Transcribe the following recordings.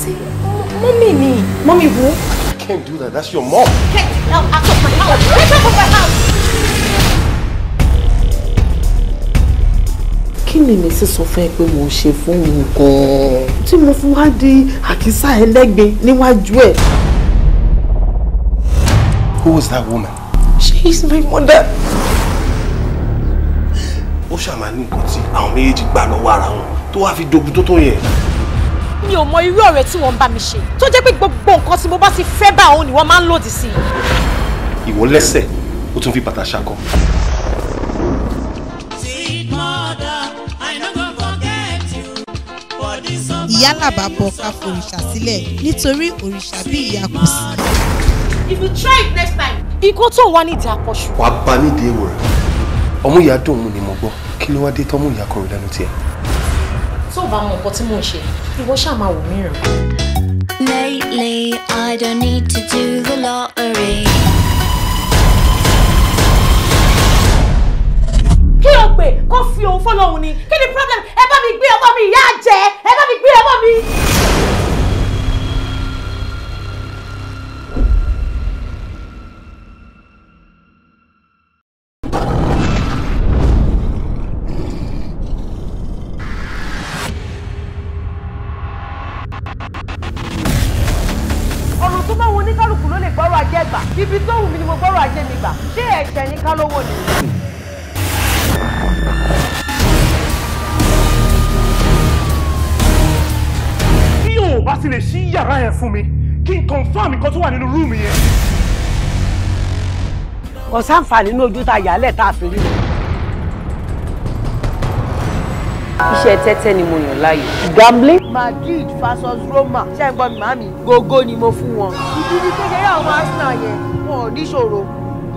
See, mommy ni. Mommy who? I can't do that. That's your mom. Get out of my house. Get out of my house. kí ni mi sì sọ fún ẹ pé mo ṣe fún un gan-an tí mo fi wá di Who is that woman? She is my mother. Oshamani kuti ní nǹkan tí àwọn méjèèjì gbà lọ́wọ́ ara wọn tó mi ò mọ irú ọ̀rẹ́ tí wọ́n ń bá mi ṣe tó jẹ́ pé gbogbo nǹkan tí mo bá ti fẹ́ bá òun ni wọ́n máa ń lòdì sí. ìwọ lẹ́sẹ̀ ó tún fi bàtà ṣakọ. ìyá làbà bọ ká forìṣà sílẹ̀ nítorí òrìṣà bí ìyá kò sí. if you try it next time. igbó tó wà nídìí àpọ̀ṣù. wàá bá nídìí èèwọ̀ rẹ̀ ọmú ìyá dùn mú ni mo gbọ́ kí ló wá dé tọ́mú ìyá kọ̀rọ̀ lẹ́nu tiẹ̀ tó bá mọ nǹkan tí mò ń ṣe ìwọ ṣáà máa wò mí Lately, I don't need to do the lottery. kí o pè kó fi òun fọlọ́hún ni kí ni problem ẹ bá mi gbé ọmọ mi ìyá jẹ ẹ bá mi gbé ọmọ mi. tẹ̀yìn ká lówó ni. bí òun bá ti lè ṣí yàrá yẹn fún mi kí n confam nǹkan tó wà nínú rúùmù yẹn. ọ̀sánfààní ní ojú ta yàálẹ̀ tá a fi rí o. iṣẹ́ tẹ́tẹ́ ni mo yàn láàyò. gambling. Madrid versus Roma ṣé ẹ gbọ́ mi màmí gógó ni mo fún wọn. ìdílé kékeré àwọn Arsenal yẹn wọn ò níṣòro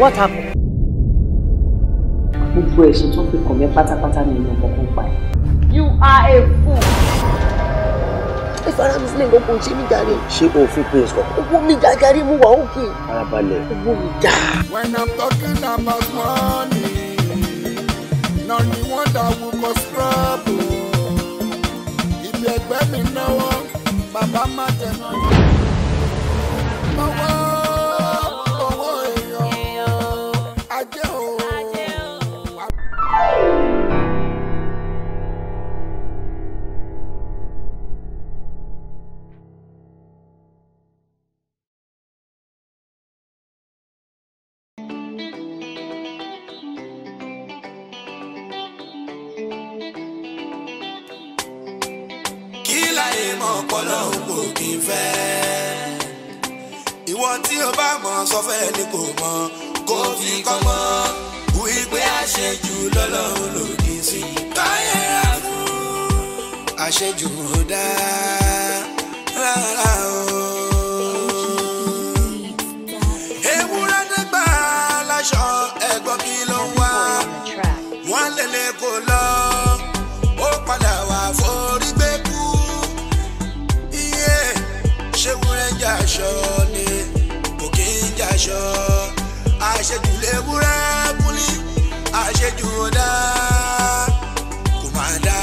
What happened? You are a fool. Ẹ fara mi sílẹ̀ gbogbo ṣé mi jàre. Ṣé o fún prince kan? Owó mi jà jàre mo wà òkè. Farabalẹ̀. Owó mi jà. I'm talking about money, none the one that will cause trouble. Ibi ẹgbẹ́ mi náwó, bàbá nìkan mọ́ wípé àṣejù lọ́lọ́run lòdì sí káyẹ̀rá fún àṣejù ò dáa ewúrẹ́ dẹ́gbà láṣọ ẹ̀gbọ́n mi ló ń wá wọ́n lélẹ̀ kó lọ ó padà wá forí gbé kú iye ṣé wúrẹ́ jà aṣọ ni kò ń jà aṣọ àṣejù léwúrẹ́ kúlí àṣejù ọ̀dà kò máa dá.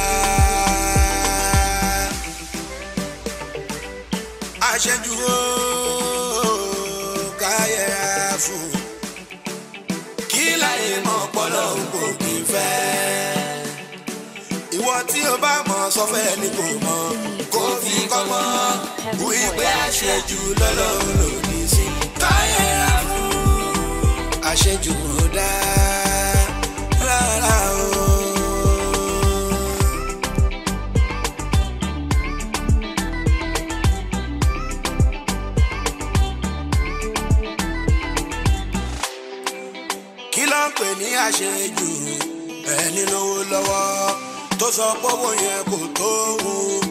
àṣejù ó káyẹ̀ra fún kí láyé mọ ọpọlọ kò kì í fẹ́. ìwọ tí o bá mọ̀ sọfẹ́ ni kò mọ̀ kó fi kọ́ mọ́ wípé àṣejù lọ́lọ́run lòdì àṣejù ò dá rárá o. kí ló ń pè ní àṣejù ẹni lówó lọ́wọ́ tó sọ pé owó yẹn kò tó òun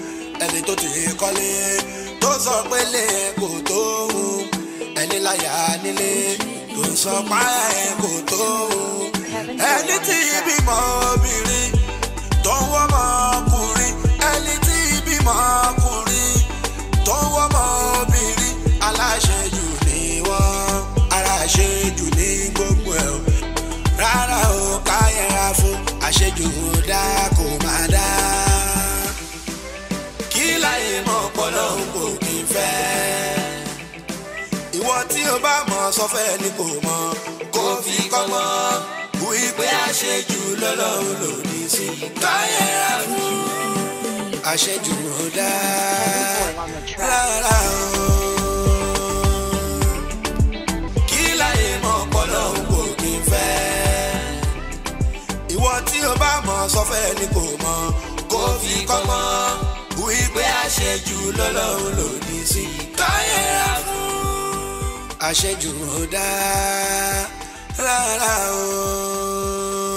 ẹni tó ti kọ́lé tó sọ pé lè kò tó òun ẹni láyà nílé tó ń sọ páyà ẹ̀ kò tó ẹni tí bímọ obìnrin tó ń wọ́mọ ọkùnrin ẹni tí bímọ ọkùnrin tó ń wọ́mọ obìnrin aláṣejù ni wọ́n aláṣejù ní gbogbo ẹ̀ o rárá o ká yẹra fún àṣejù dá kò má dá kí láyé mọ́ ọpọlọ òun. béèyàn bá mọ̀ sọ́fẹ́ ni kò mọ̀ kó fi kọ́mọ́ wípé àṣejù lọ́lọ́run lòdì sí káyẹ̀rá fún àṣejù lọ́dà rárá o. kí láyé mọ̀ pọ́lọ́hún kò kí fẹ́ ìwọ tí o bá mọ̀ sọ́fẹ́ ni kò mọ̀ kó fi kọ́mọ́ wípé àṣejù lọ́lọ́run lòdì sí káyẹ̀rá àṣejù ò dáa rárá o.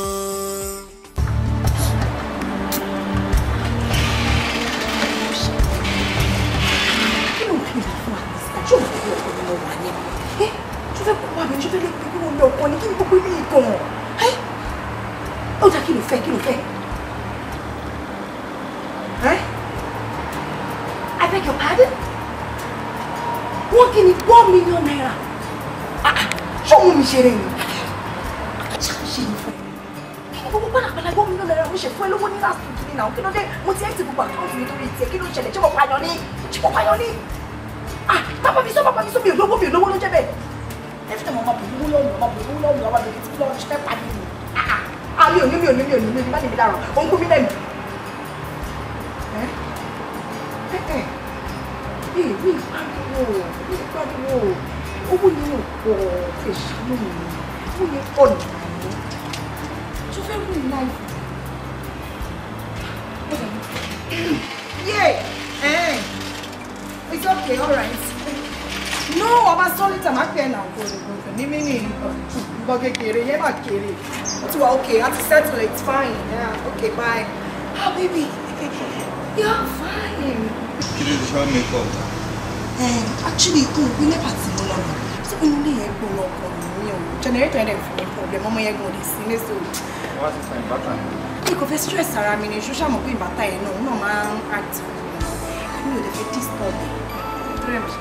okay, I have to settle it, it's fine. Yeah, okay, bye. Ah, oh, baby, you're fine. Kí ló ṣe mi kọ? Actually, kò gbé nípa tí mo lọ nù. Ṣé need to yẹn gbọ́ lọ ọkọ mi ní o? Generator ẹ̀dẹ̀ fún mi problem, ọmọ yẹn gbọ́dọ̀ sí ní so. Wọ́n á the sàn ìbátan. Mi kò fẹ́ stress ara mi ni, ṣóṣà mọ̀ pé ìbátan yẹn No, òun náà máa ń act. Mi ò lè fẹ́ disturb. Ìtúrẹ̀ mi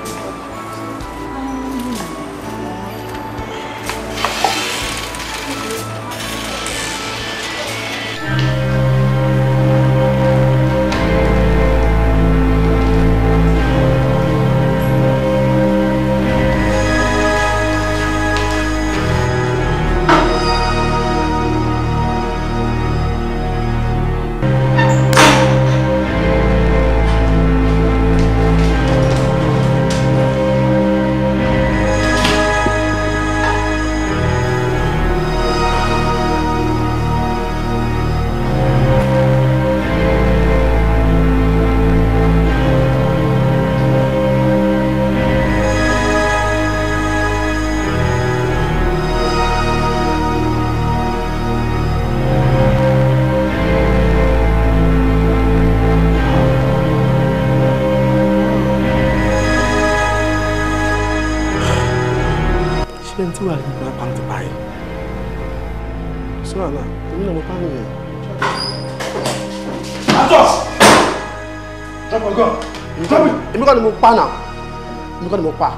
pa.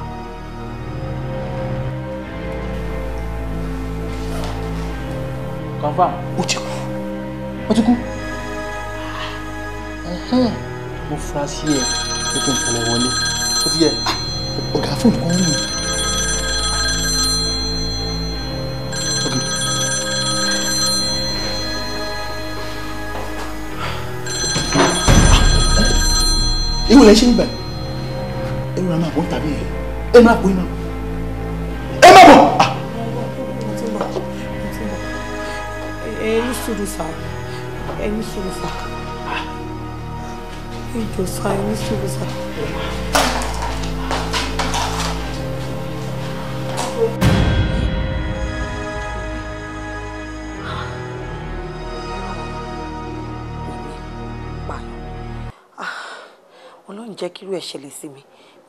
confam ó ti kú ó ti kú mo fura sí ẹ pé kí n tẹ̀lé wọlé ó ti yẹ ah, ọ̀gá fóònù kan rí mi. ìwòlẹ̀ ṣe ń bẹ̀rẹ̀ bọ̀ tàbí ẹ má bọ̀ iná ẹ má bọ̀. ẹyin ah. sùúrù sá ẹyin sùúrù sá ìjọ sá ẹyin sùúrù sá. Ah. jẹ́ kírú ẹ̀ ṣẹlẹ̀ sí mi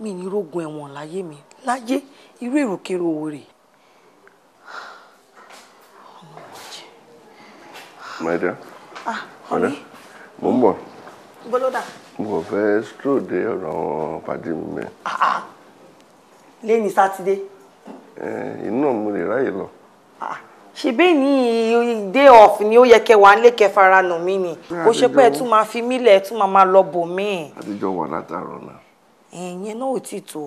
mi ní rógun ẹ̀wọ̀n láyé mi láyé irú èròkérò wo rèé. Maida. Ah, Maida. Mo ń bọ̀. Bọ́lódà. Mo kàn fẹ́ stroll dé ọ̀rọ̀ àwọn pàdé mi mẹ́. Ah, ah. Lẹ́ni Sátidé. Inú náà mo lè ráyè lọ. Ṣé bẹ́ẹ̀ ni day off ni ó yẹ kẹ wà nílé kẹfara nù mí ni? Kò ṣe pé ẹ tún máa fi mílẹ̀ ẹ tún máa máa lọ bò mí. Adéjọ́ wà látàárọ̀ náà ẹ̀yẹn náà ò tí tó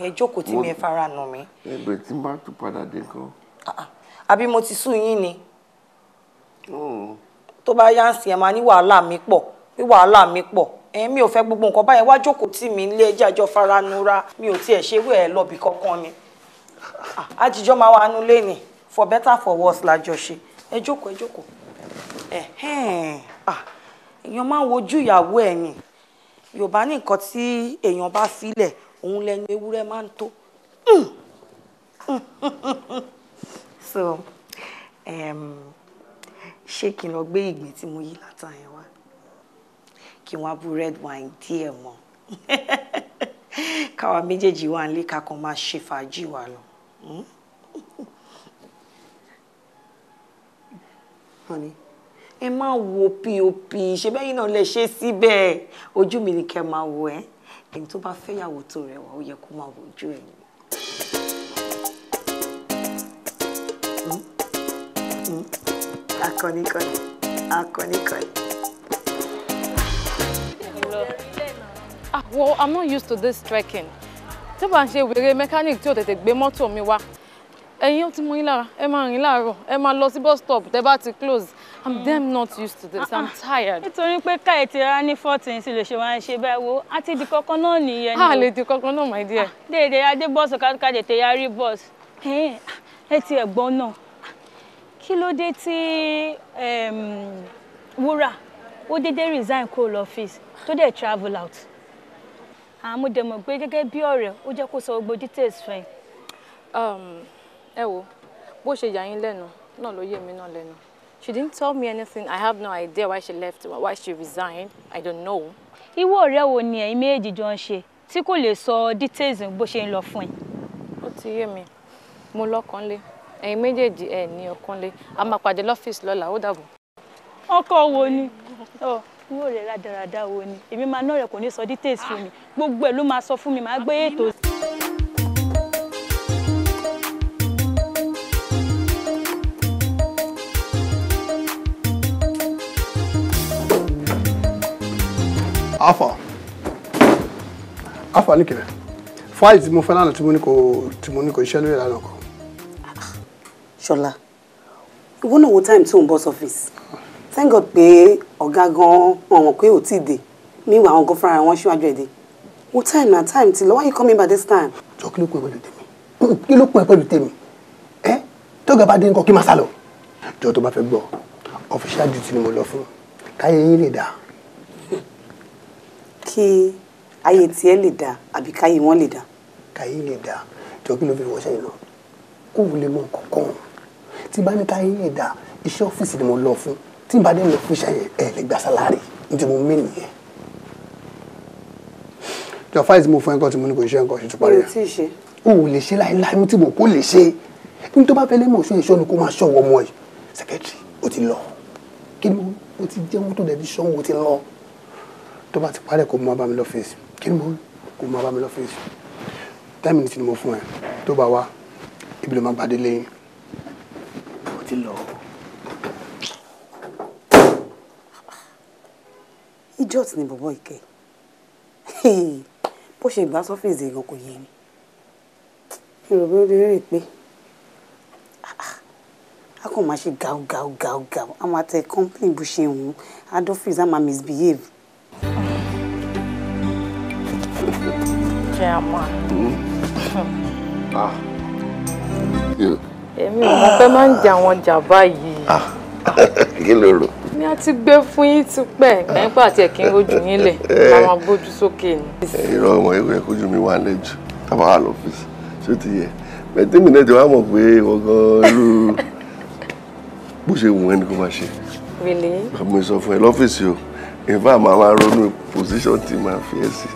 ẹ jókòó tí mi ẹ fara nà mí. ẹgbẹ́ tí má tún padà dé kan. Ah, ah. àbí mo ti sùn yín ni tó bá yá sí ẹ máa ní wàhálà mi pọ̀ ní wàhálà mi pọ̀ èmi ò fẹ́ gbogbo nǹkan báyẹn wá jókòó tì mí nílé ẹjẹ́ àjọ faranura mi ò tiẹ̀ ṣe wẹ́ẹ̀ lọ́bì kankan ni àjíjọ́ ah, máa wà nulẹ̀ ni for better for worse lájọ ṣe ẹ jókòó ẹ jókòó èèyàn máa ń wojú ìyàwó ẹ̀ ni yorùbá ní nǹkan tí èèyàn bá filẹ̀ òun lẹ́nu ewúrẹ́ máa ń tó so ṣé kí n lọ gbé ìgbín tí mo yí látà yẹn wá kí wọ́n á bu red wine díẹ̀ mọ́ káwa méjèèjì wà nílé ká kan máa ṣe fàájì wa lọ. Hmm? honey ẹ má wo pop ṣe bẹ́yìn náà lẹ ṣe síbẹ̀ ojú mi ni kẹ́ máa wò ẹ́ ẹni tó bá fẹ́yàwó tó rẹwà ó yẹ kó máa wojú ẹ̀ ni. akọnikọni akọnikọni. Well, I'm not used to this trekking. Tó bá ń ṣe wèrè mechanic tí ò tètè gbé mọ́tò mi wá. Ẹ̀yin ó ti mú yín lára, ẹ máa rìn láàárọ̀, ẹ máa lọ sí bus stop tẹ́ bá ti close. I'm damn not used to this. I'm tired. Nítorí pé káyẹ̀ ti rárá ní fourteen sì lè ṣe wá ń ṣe báyìí wo. A ti di kankan náà nìyẹn. A lè di kankan náà, my dear. Ah, déédéé adé bọ́ọ̀sì kájọ tẹ yarí bọ́ọ̀sì. Ẹ ti ẹ̀gbọ́n náà. Kí ló dé tí ehm, Wúrà ó dédé resign kúrò lọ́fíìsì tó dẹ̀ travel out? Àmọ́ dẹ̀ mọ̀ pé gẹ́gẹ́ bí ọ̀rẹ́ ó jẹ́ kó sọ gbogbo details fún ẹ. Ehm, ẹ wo, bó ṣe yà yín lẹ́nu náà ló yé mi náà lẹ́nu. She didn't tell me anything. I have no idea why she left, why she resigned. I don't know. Ìwọ ọ̀rẹ́ wo ni ẹ̀yin méjì jọ ń ṣe tí le lè details bó ṣe ń lọ fún ẹ? Ó ti yé mi. Mo lọ́kàn lé. Ẹ̀yin méjèèjì ẹ̀ ní ọkàn lé. A máa pàdé lọ́fíìsì lọ́la, ó dàbọ̀. Ọkọ wo ni? Ìwọ ọ̀rẹ́ rádaràda wo ni? Èmi máa ná ọ̀rẹ́ kò ní sọ details fún mi. Gbogbo ẹ̀ ló máa sọ fún mi, màá gbé ètò sí afa afa ní kẹrẹ fáìlì tí mo fẹ́ lánàá tí mo ní kò tí mo ní kò iṣẹ́ lórí ìlànà kan. ṣọlá ìwọ náà wo time tó ń bọ́ sọ́fíìsì thank god pé ọ̀gá gan-an wọn mọ̀ pé ò tí ì dé níwà àwọn gan fúnra wọn ṣíwájú ẹ̀ dé wo time na time ti lọ why you coming by this time. jọ kí ló pọ̀ pẹ̀lú tèmi kí ló pọ̀ pẹ̀lú tèmi ẹ tọ́gà bá dé nǹkan kí máa sá lọ. jọ tó bá fẹ́ gbọ́ official duty ni mo lọ fún káyé yín lè dáa kí ayé tiẹ̀ lè dáa àbí káyé wọn lè dáa. káyé lè dáa jọ kí ló fi wọṣẹ́ lọ kó wù lè mọ kankan tí bá ní káyé lè dáa iṣẹ́ ọ́fíìsì ni mo lọ fún tí bá dé lọ fún iṣẹ́ yẹn ẹ̀ lè gba sálárì ní ti mo mí nìyẹn. jọ fáìsì mo fún ẹ kọ́ tí mo ní kò ṣe nǹkan ṣe tó parí ẹ o ò lè ṣe láéláé mo ti mọ̀ kó lè ṣe ní tó bá fẹ́ lé mọ̀ ṣó ìṣọ́ ni kó máa ṣọ́ ọmọ yìí sẹ́kẹ́tìrì ó ti lọ kí ni o ti jẹ́ mọ́tò dẹ̀bi o ti tó bá ti parẹ́ kó máa bá mi lọ́fíìsì kí ni mo kó máa bá mi lọ́fíìsì ten minutes ni mo fún ẹ tó bá wá ibi ló máa gbàdé lẹ́yìn ó ti lọ. idiot ni bọ̀bọ̀ ìkẹ́ bó ṣe gbà sọ́fíìsì gan kò yé mi yorùbá ó rèé pé a kò máa ṣe gàù gàù gàù gàù a máa tẹ complain bó ṣe wù ú adolphus a misbehave. jẹun àmọ́. Ah. èmi ò mọ pé máa ń jẹ àwọn ọjà báyìí. Ah. kí ló rò. mi á ti gbé fún yín tipẹ́ nípa àti ẹ̀kí ń rojú yín lẹ̀ làwọn eh. bójú sókè ni. ìrọ̀ ọmọ ìwé ẹ̀kọ́jú mi wà lẹ́jọ́ tábà wà lọ́fíìsì ṣó ti yẹ mẹtẹ́mì náà ti wá mọ̀ pé wọ́n gan irú bó ṣe wù ẹni kó máa ṣe. mo sọ fún ẹ lọ́fíìsì o ìfẹ́ àmọ́ àwọn arónú pòsíṣọ̀n tí màá fi ẹ̀ sí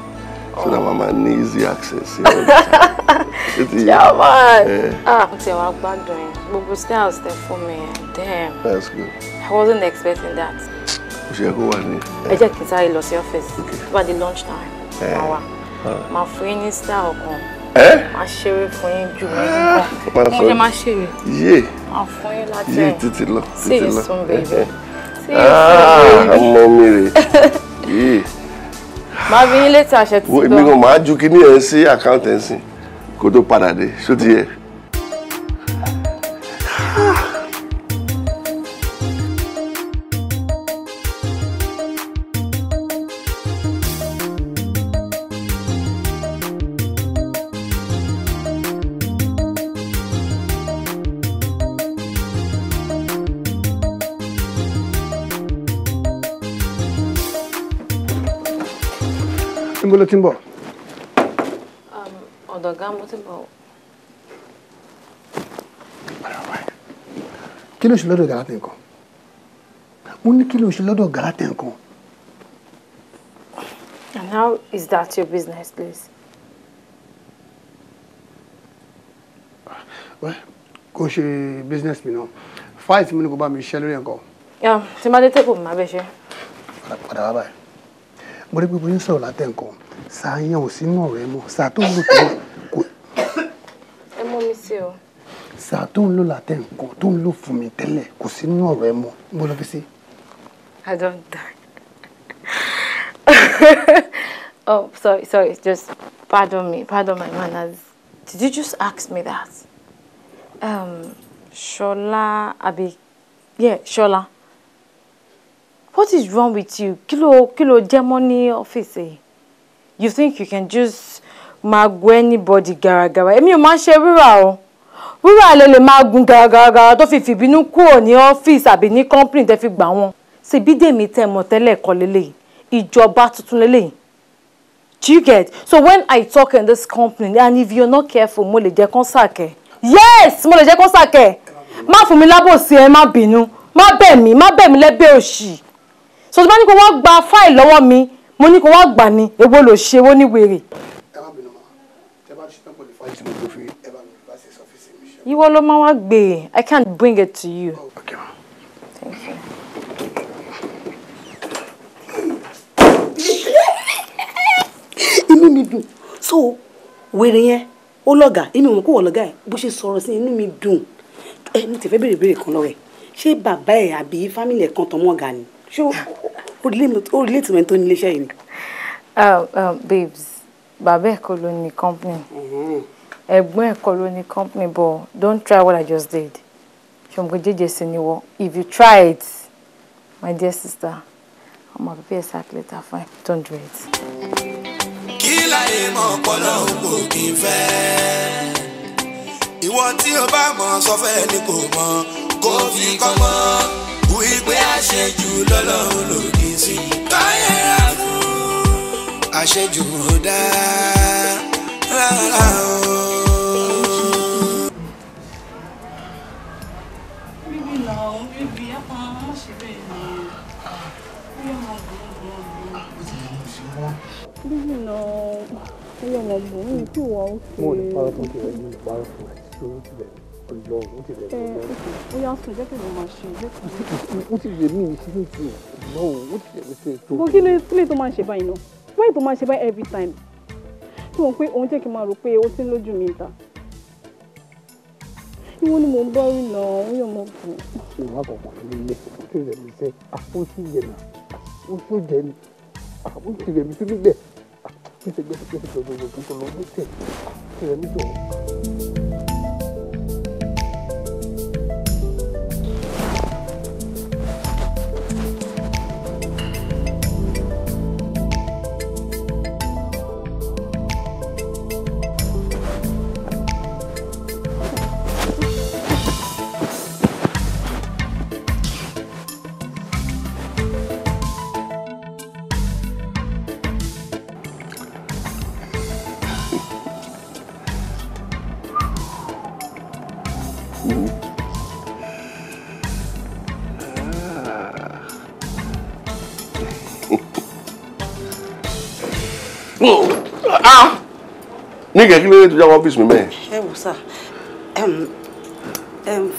so that mama ní the access. Yeah, Chairman, ah, ti wa gbádùn yín. Gbogbo styles tẹ fún for me. Damn. That's good. I wasn't expecting that. O ṣe kó wà ní. Ẹ jẹ́ kí n sáré lọ sí ọ́fíìsì. Bá di lunch time, máa my friend is there. ní style kan. Eh? Máa ṣeré fún yín jù mí nígbà. Mo ṣe máa ṣeré. Yé. Máa fún yín láti See you soon, baby. Eh, eh. Ah, I'm bèbè. Sí ìsún bèbè máa bí yín létí àṣẹ tí tó. èmi gan máa ju kíní ẹ̀ sí àkáǹtẹ̀ǹsì kó tó padà dé ti yẹ. ti ń bọ̀. Um, ọ̀dọ̀ gan mo ti ń bọ̀. kí ló ṣe lọ́dọ̀ gàlátẹ̀ nǹkan mo ní kí ló ṣe lọ́dọ̀ gàlátẹ̀ nǹkan. and how is that your business please. kò ṣe business mi náà fight mi ni kò bá mi ṣiṣẹ́ lórí nǹkan. tí n bá dé tẹ́kù mi máa bẹ̀ ṣe. padà wá báyìí mo rí pé bóyá sọ̀rọ̀ látẹ̀ nǹkan sáà yẹn ò sínú ọ̀rẹ́ mọ́ sáà tó ń lò tó kò. ẹ mú mi sí o. sáà tó ń lò látẹ̀ nǹkan tó ń lò mi tẹ́lẹ̀ kò sínú ọ̀rẹ́ mọ́ mo lọ fi sí. I don't die. oh, sorry, sorry. Just pardon me. Pardon my manners. Did you just ask me that? Um, Shola Abi. Yeah, Shola. What is wrong with you? Kí ló, kí ló jẹ́ mọ́ ní you think you can just máa anybody garagara èmi ò máa ń ṣe wúrà o wúrà le le máa gun garagara tó fi fìbínú kúrò ní ọ́fíìsì àbí ní company tẹ́ fi gbà wọ́n sì bídèmí tẹ́ mọ̀ tẹ́lẹ̀ kọ́ lélẹ́yìn ìjọba tuntun lélẹ́yìn do you get so when i talk in this company and if you're not careful mo lè jẹ́ kán sàkẹ́ yes mo lè jẹ́ kán sàkẹ́ má fún mi lábòsí ẹ má bínú má bẹ̀ mí má bẹ̀ mí lẹ́bẹ̀ òṣì so tí bá ní kó wọ́n gba fáìlì lọ́wọ́ mi mo ní kó wá gbà ní èwo ló ṣe wó ní wèrè. ìwọ ló máa wá gbé e. I can't bring it to you. Oh, okay, ma. you. inú mi dùn so wèrè yẹn ó lọ́gà inú mi kò wọ̀ lọ́gà ẹ̀ bó ṣe sọ̀rọ̀ sí inú mi dùn ẹ mo ti fẹ́ béèrè béèrè kan lọ́wọ́ ẹ̀ ṣé bàbá ẹ̀ àbí fámìlì ẹ̀ kan tọmọ ọ̀gá ni ó rí létí mẹ́tò nílé iṣẹ́ yìí ni. Ah, ah, babes bàbá ẹ̀ ló ní company mm-hmm. ẹ̀gbọ́n ẹ̀ kọ́ ló ní company but don't try what i just did ṣùgbọ́n jẹ́jẹ́ sí ni wọ́n if you try it my dear sister ọmọ bíbí ẹ̀ sáà kìlẹ̀ ta fine don't do it. kí láyé mọ ọpọlọ ògbó kì í fẹ́ ìwọ tí o bá mọ sọ ni kò mọ kó fi kọ́ mọ́ wípé àṣejù lọ́lọ́run lòdì sí káyẹ̀rá fún. àṣejù ò dáa rárá o. Bíbí náà ẹyẹ ọmọ bùnmí tí wọ́n ń ṣe. Mo ò ní parọ́ fún ìrẹ̀lẹ̀ ìparọ́ fún ẹ̀ tí ó ń tilẹ̀ lọ òun ti rẹ̀ mí lọ. ó yà sùn jẹ́ kí ló máa ṣe lẹ́kọ̀ọ́. ó ti rẹ̀ mí ní sí kí ló tó máa ń ṣe báyìí náà wáyé tó máa ń ṣe báyìí every time tí wọ́n pé òun jẹ́ kí n máa rò pé ó ti ń lójú mi ta. ìwọ ni mo ń bọ́ rí nà òun yóò mọ̀ bù. ìwọ àkọ́kọ́ ní ilé ó ti rẹ̀ mí sẹ́ ó sì yẹ nà ó sì jẹ ni ó ti rẹ̀ mí sí níbẹ̀ ó ti gbẹ́sẹ̀ gbẹ́sẹ̀ gbẹ́sẹ̀ gbẹ́sẹ̀ gbẹ́sẹ̀ yẹn kí ló dé tó jáwọ́ ọ́fíìsì mi mẹ́ẹ̀. ẹ wò sà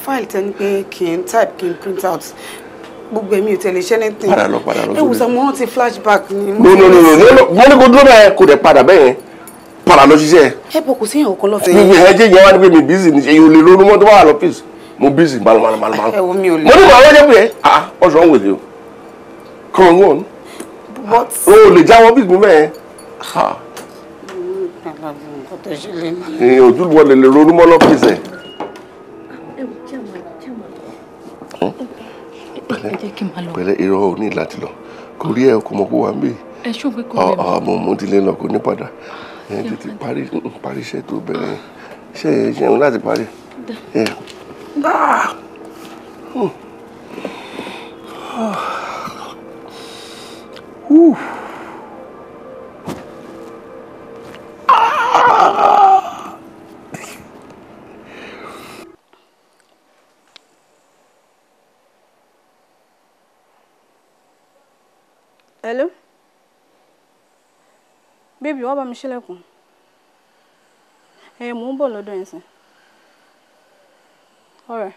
fáìlì tẹ pé kì í type kì í print out gbogbo èmi ò tẹ̀lé iṣẹ́ anything. padà lọ padà lọ sórí. ẹ wò sà mo rántí flashback ni. no no no no mo ní kó dúró bẹ́ẹ̀ kó dẹ̀ padà bẹ́ẹ̀ yẹn padà lọ ṣiṣẹ́. ẹ bọ kò sí èèyàn kan lọ́fẹ̀ẹ́. ìyẹn ẹjẹ yẹn wá ní pé mi busy ni èyí ò lè ronú mọ́ tó bá wà lọ́fíìsì mo busy balùbalùbalù. ẹ wo mi ò lè. mo ní ah, ah, come on. but o lè jáwọ́ bí mi bẹ́ẹ̀ tó ṣe lè mọ. ẹ ojúlùwọ lè lè ronú mọ́ lọ́fíìsì ẹ̀. pẹ̀lẹ́ irọ́ ò ní láti lọ kò rí ẹ kò mọ̀ pé wà ń bè. ẹ ṣó pé kò lè mọ. àmọ́ mo ti lè lọ kò ní padà ẹ tètè parí parí iṣẹ́ tó bẹ̀rẹ̀ iṣẹ́ yẹn ṣe ń láti parí. Ooh. Hello? Baby, what bá mi ṣílẹ̀kùn. Ẹ mò ń bọ̀ lọ́dọ̀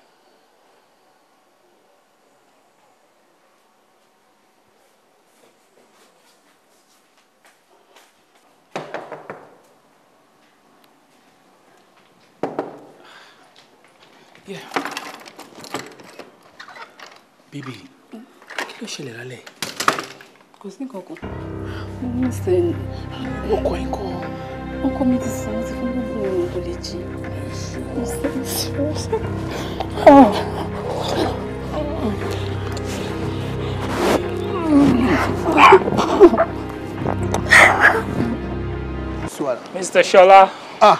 bíbí kí ló ṣẹlẹ̀ lálẹ́? kò sí kankan mo mú sẹ́yìn ọkọ ẹ̀ kọ́ ọkọ mi ti sàn ó ti fún gbogbo ohun kò lè jí Mr. Shola. Ah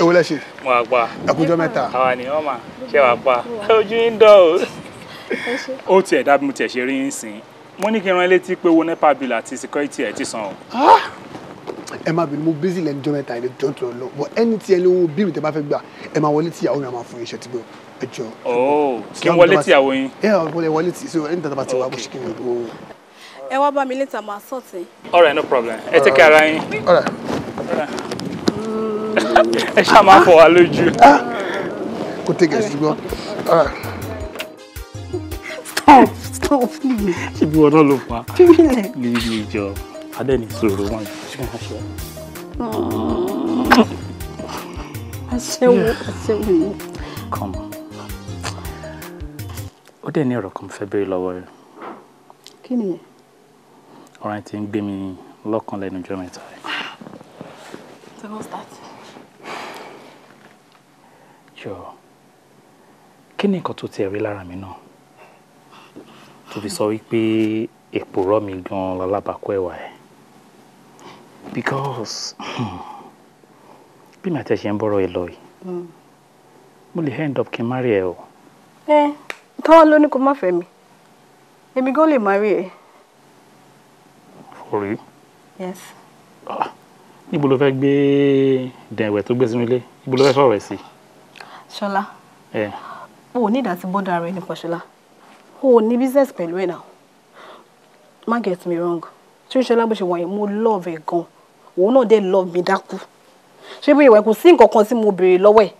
ewu lẹ ṣe. mo àgbà. ẹkújọ mẹ́ta. àwa ni ọmọ ṣe wà pa ojú ń dán o ó tiẹ̀ dábí mo tiẹ̀ ṣe rí yín sìn mo ní kí n ran létí pé owó nepa bill àti security ẹ̀ ti san o. Ah! ẹ má bínú mo busy lẹ́nu jọ mẹ́ta ẹ̀rẹ́ jọ́n tó lọ But ẹni tí ẹ ní owó bíìlì tẹ bá fẹ́ gbà ẹ máa wọlé tíyàwó mi àmà fún iṣẹ́ tí gbọ́ ẹ jọ. Oh, kí n wọlé tíyàwó yín. ẹ wọlé wọlé tí so ẹni tàbá ti wá bó ṣe kí n wọlé. ẹ wá bá mi later máa sọ̀tì. all right no problem ẹ ti ká ara yín. ẹ ṣáà máa fọ wa lójú. Ah! kò tẹ̀ gẹ̀ẹ́sì gbọ́ stop wọn náà ló pa. fílẹ̀. lè ní ìjọ adé ní sọ̀rọ̀ wọn ṣe wọn ṣe. aṣẹ́wó aṣẹ́wó ni. come on ó dẹ̀ ní ọ̀rọ̀ kan fẹ́ béèrè lọ́wọ́ rẹ̀. kí ni yẹn. ọ̀rọ̀ yẹn ti ń gbé mi lọ́kàn lẹ́nu ọjọ́ mẹ́ta rẹ̀. so kí ni nǹkan tó tiẹ̀ rí lára mi náà tó fi sọ wípé èpò rọ̀ mí gan-an lálábàákọ́ ẹ̀wà ẹ̀ because bí mi àti ẹ̀ ṣe ń bọ̀rọ̀ ẹ lọ yìí hmm. mo lè end up kí n marry ẹ o. ẹ tọ́wọ́ ló ní kó má fẹ́ mi èmi gan lè marry ẹ. for real. yes. Ah, níbo ló fẹ́ gbé dẹ̀wẹ̀ tó gbé sínú ilé níbo ló fẹ́ sọ̀rọ̀ ẹ̀ sí. ṣọlá. ẹ. o ò ní ìdásí bọ́dà rẹ nípa ṣọlá. Oh, ní business pẹ̀lú ẹ̀ náà má get me wrong tíríṣọlá bó ṣe wọ̀nyí mo love ẹ̀ gan òun náà dẹ̀ love mi dákú ṣé bí ìwà kò sí nǹkan kan tí mo béèrè lọ́wọ́ ẹ̀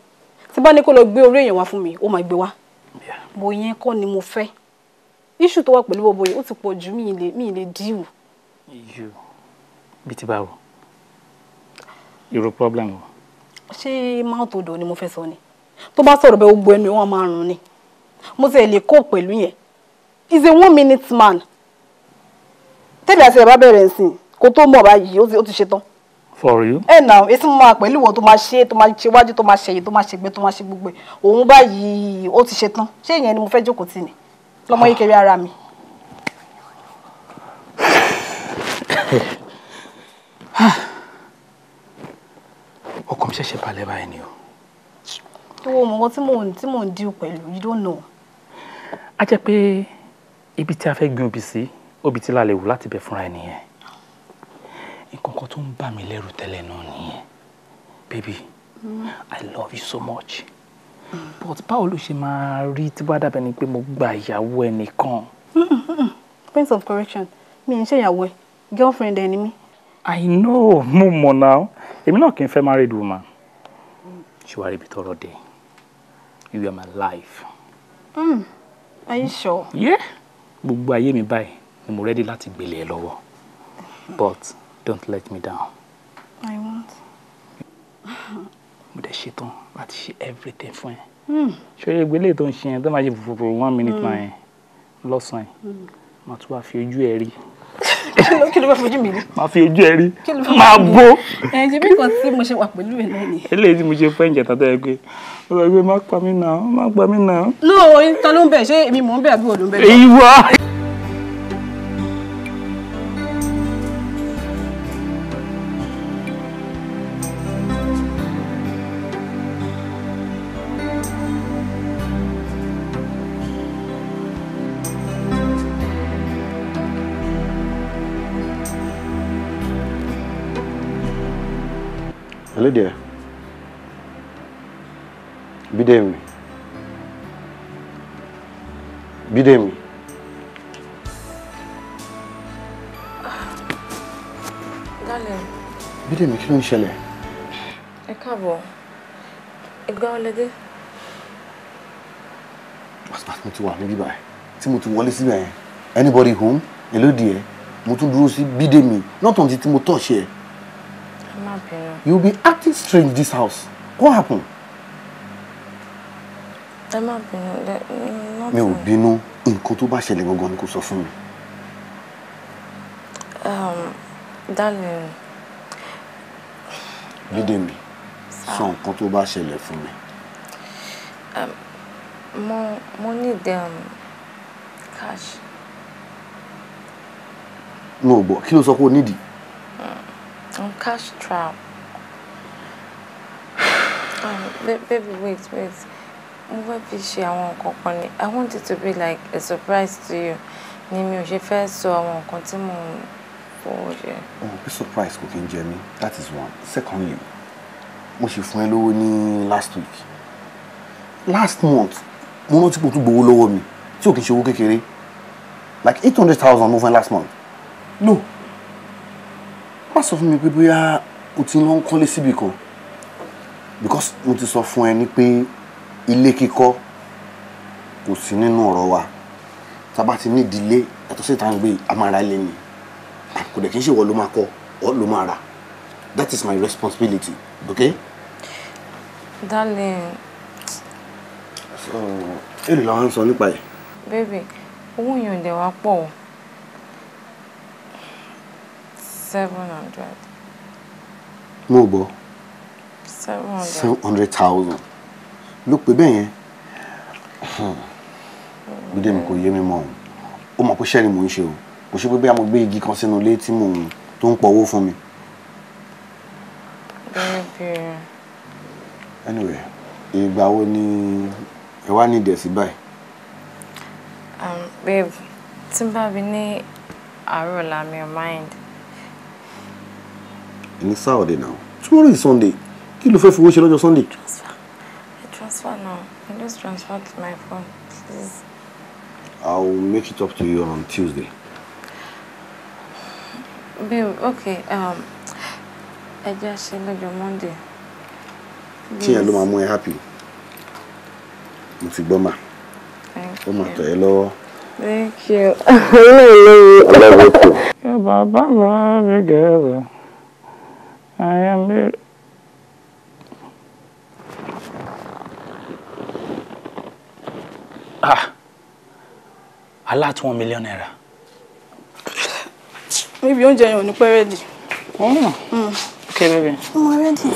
tí bá ní kó lọ gbé orí èèyàn wá fún mi ó máa gbé wá bó yẹn kọ́ ni mo fẹ́ issue tó wà pẹ̀lú bọ̀bọ̀ yẹn ó ti pọ̀ ju mi ì lè mi ì lè díwù. iyo bí ti báwo irú problem o. ṣé mount odò ni mo fẹ́ sọ ni tó bá sọ̀rọ̀ bẹ́ẹ̀ gbogbo ẹnu wọn máa rùn ni mo ti lè kó pẹ̀lú yẹn is a one minute man tẹ́lẹ̀ àti ẹ̀bá bẹ̀rẹ̀ nsìn kó tó mọ̀ báyìí ó ti ṣe tán. for you. ẹ nà èsì mo máa pẹ̀lú ìwọ tó máa ṣe tó máa ṣe wájú to máa ṣe èyí tó máa ṣe gbé tó máa ṣe gbogbo ẹ̀ òun báyìí ó ti ṣe tán ṣé ìyẹn ni mo fẹ́ jókòó tì ní lọ́mọ yìí kiri ara mi. ọkàn mi ṣẹ̀ṣẹ̀ balẹ̀ báyìí ni o. owó mọ̀mọ́ tí mò ń dín pẹ̀lú you don't know. a jẹ́ pé ibi tí a fẹ́ gbin obì sí obì tí lálẹ́ wù láti bẹ̀ fúnra ẹ̀ nǹkan kan tó ń bà mí lẹ́rù tẹ́lẹ̀ náà nìyẹn baby i love you so much but báwo ló ṣe máa rí tí bá dàbẹ̀ ni pé mo gba ìyàwó ẹnìkan. prince of correction mi ń ṣèyàwó ẹ girlfriend ẹ ni i know mo mọ̀ náà èmi náà kì í fẹ́ married woman ṣé ibi tọrọ dé you are my life. Mm. are you sure. yeah gbogbo ayé mi báyìí ni mo ready láti gbélé ẹ lọ́wọ́ but don't let me down. I won't. mo dẹ̀ ṣetán láti ṣe everything fún ẹ. Hmm. ṣòro ìgbélé tó ń ṣe yẹn tó máa ṣe fòfòfò one minute hmm. máa yẹn lọ́sàn-án yẹn hmm. màá tún wá fi ojú ẹ rí kí ló bá fojú mi rí. máa fi ojú ẹ rí máa bó. ẹ bí nǹkan tí mo ṣe wà pẹ̀lú ẹ náà eléyìí tí mo ṣe fẹ́ ìjẹta tó yẹ pé ọ̀rọ̀ ìwé má pa mí náà má pa mí náà. lóò ta ló ń bẹ̀ ṣé èmi mò ń bẹ̀ àbí wò ń bẹ̀. ìwọ. Hello there. Bídèmí. Bídèmí. Dálẹ̀. Bídèmí kí ló ń ṣẹlẹ̀? Ẹ káàbọ̀. Ìgbà ọlẹ́dẹ́. Pàṣípàṣí mo ti wà níbí báyìí tí mo wa wọlé síbẹ̀ yẹn. Anybody home? Hello dear. Mo tún dúró sí Bídèmí. Not until tí mo touch I'm not bẹ̀rẹ̀. You be acting strange this house. What happened? ẹ má bínú lẹ mi ò bínú nǹkan tó bá ṣẹlẹ̀ gangan ni kò sọ fún mi. Um, darling. bídèmí sọ nǹkan tó bá ṣẹlẹ̀ fún mi. Um, mo mo need um, cash. no gbọ́ kí ló sọ pé o nídìí. Mm, um, cash trap. Um, baby wait wait mo fẹ́ fi ṣe àwọn nǹkan kan ni. I want it to be like a surprise to you. Ni mi ò ṣe fẹ́ sọ àwọn nǹkan tí mo ń fọwọ́ ṣe. Mo pé surprise kò kí ń jẹ mí. That is one. Secondly, mo ṣe fún ẹ lówó ní last week. Last month, mo rántí pé o tún gbowó lọ́wọ́ mi tí ò kí ń ṣe owó kékeré. Like eight hundred thousand mo fún ẹ last month. No, má sọ fún mi pé bóyá o ti ń lọ ń kọ́lé síbì kan because mo ti sọ fún ẹ ní pé ilé kíkọ́ kò sí nínú ọ̀rọ̀ wa tábà ti ní ìdílé ẹ̀tọ́ sí ìtàn amáralé ni kò dẹ̀ kí n ṣe ìwọ ló máa kọ́ ọ́ ló máa rà that is my responsibility okay. darling. so èrè làwọn ń sọ nípa ẹ̀. baby owó yẹn ò dẹ̀ wá pọ̀ o seven hundred. mo bọ seven hundred thousand ló pè bẹ́ẹ̀ yẹn gbídé mi kò yé mi mọ́ o ó mọ̀ pé iṣẹ́ ni mò ń ṣe o kò ṣe pé bí a mo gbé igi kan sínú ilé tí mò ń tó ń pọ̀wó fún mi. anyway ìgbà wo ni ẹ wá ní ìdẹ̀sí báyìí. Um, babe tí bá mi ní àárọ̀ la mi ò mind. ní Saturday now tomorrow is Sunday kí ló fẹ́ fowó ṣe lọ́jọ́ Sunday transfer now. I just transferred to my phone, please. I'll make it up to you on Tuesday. Babe, okay. Um, I just said on your Monday. Tia ló máa mú ẹ happy. Mo ti gbọ́ mà. Thank you. Ó máa tọ̀ ẹ́ lọ́wọ́. Thank you. I love you. Bàbá mi gẹ̀ẹ́rẹ̀. I am very... ah alert one million naira. Maybe oúnjẹ yẹn ò ní pẹ́ rẹ́dì. Hmm. okay baby. mo rẹ́dì.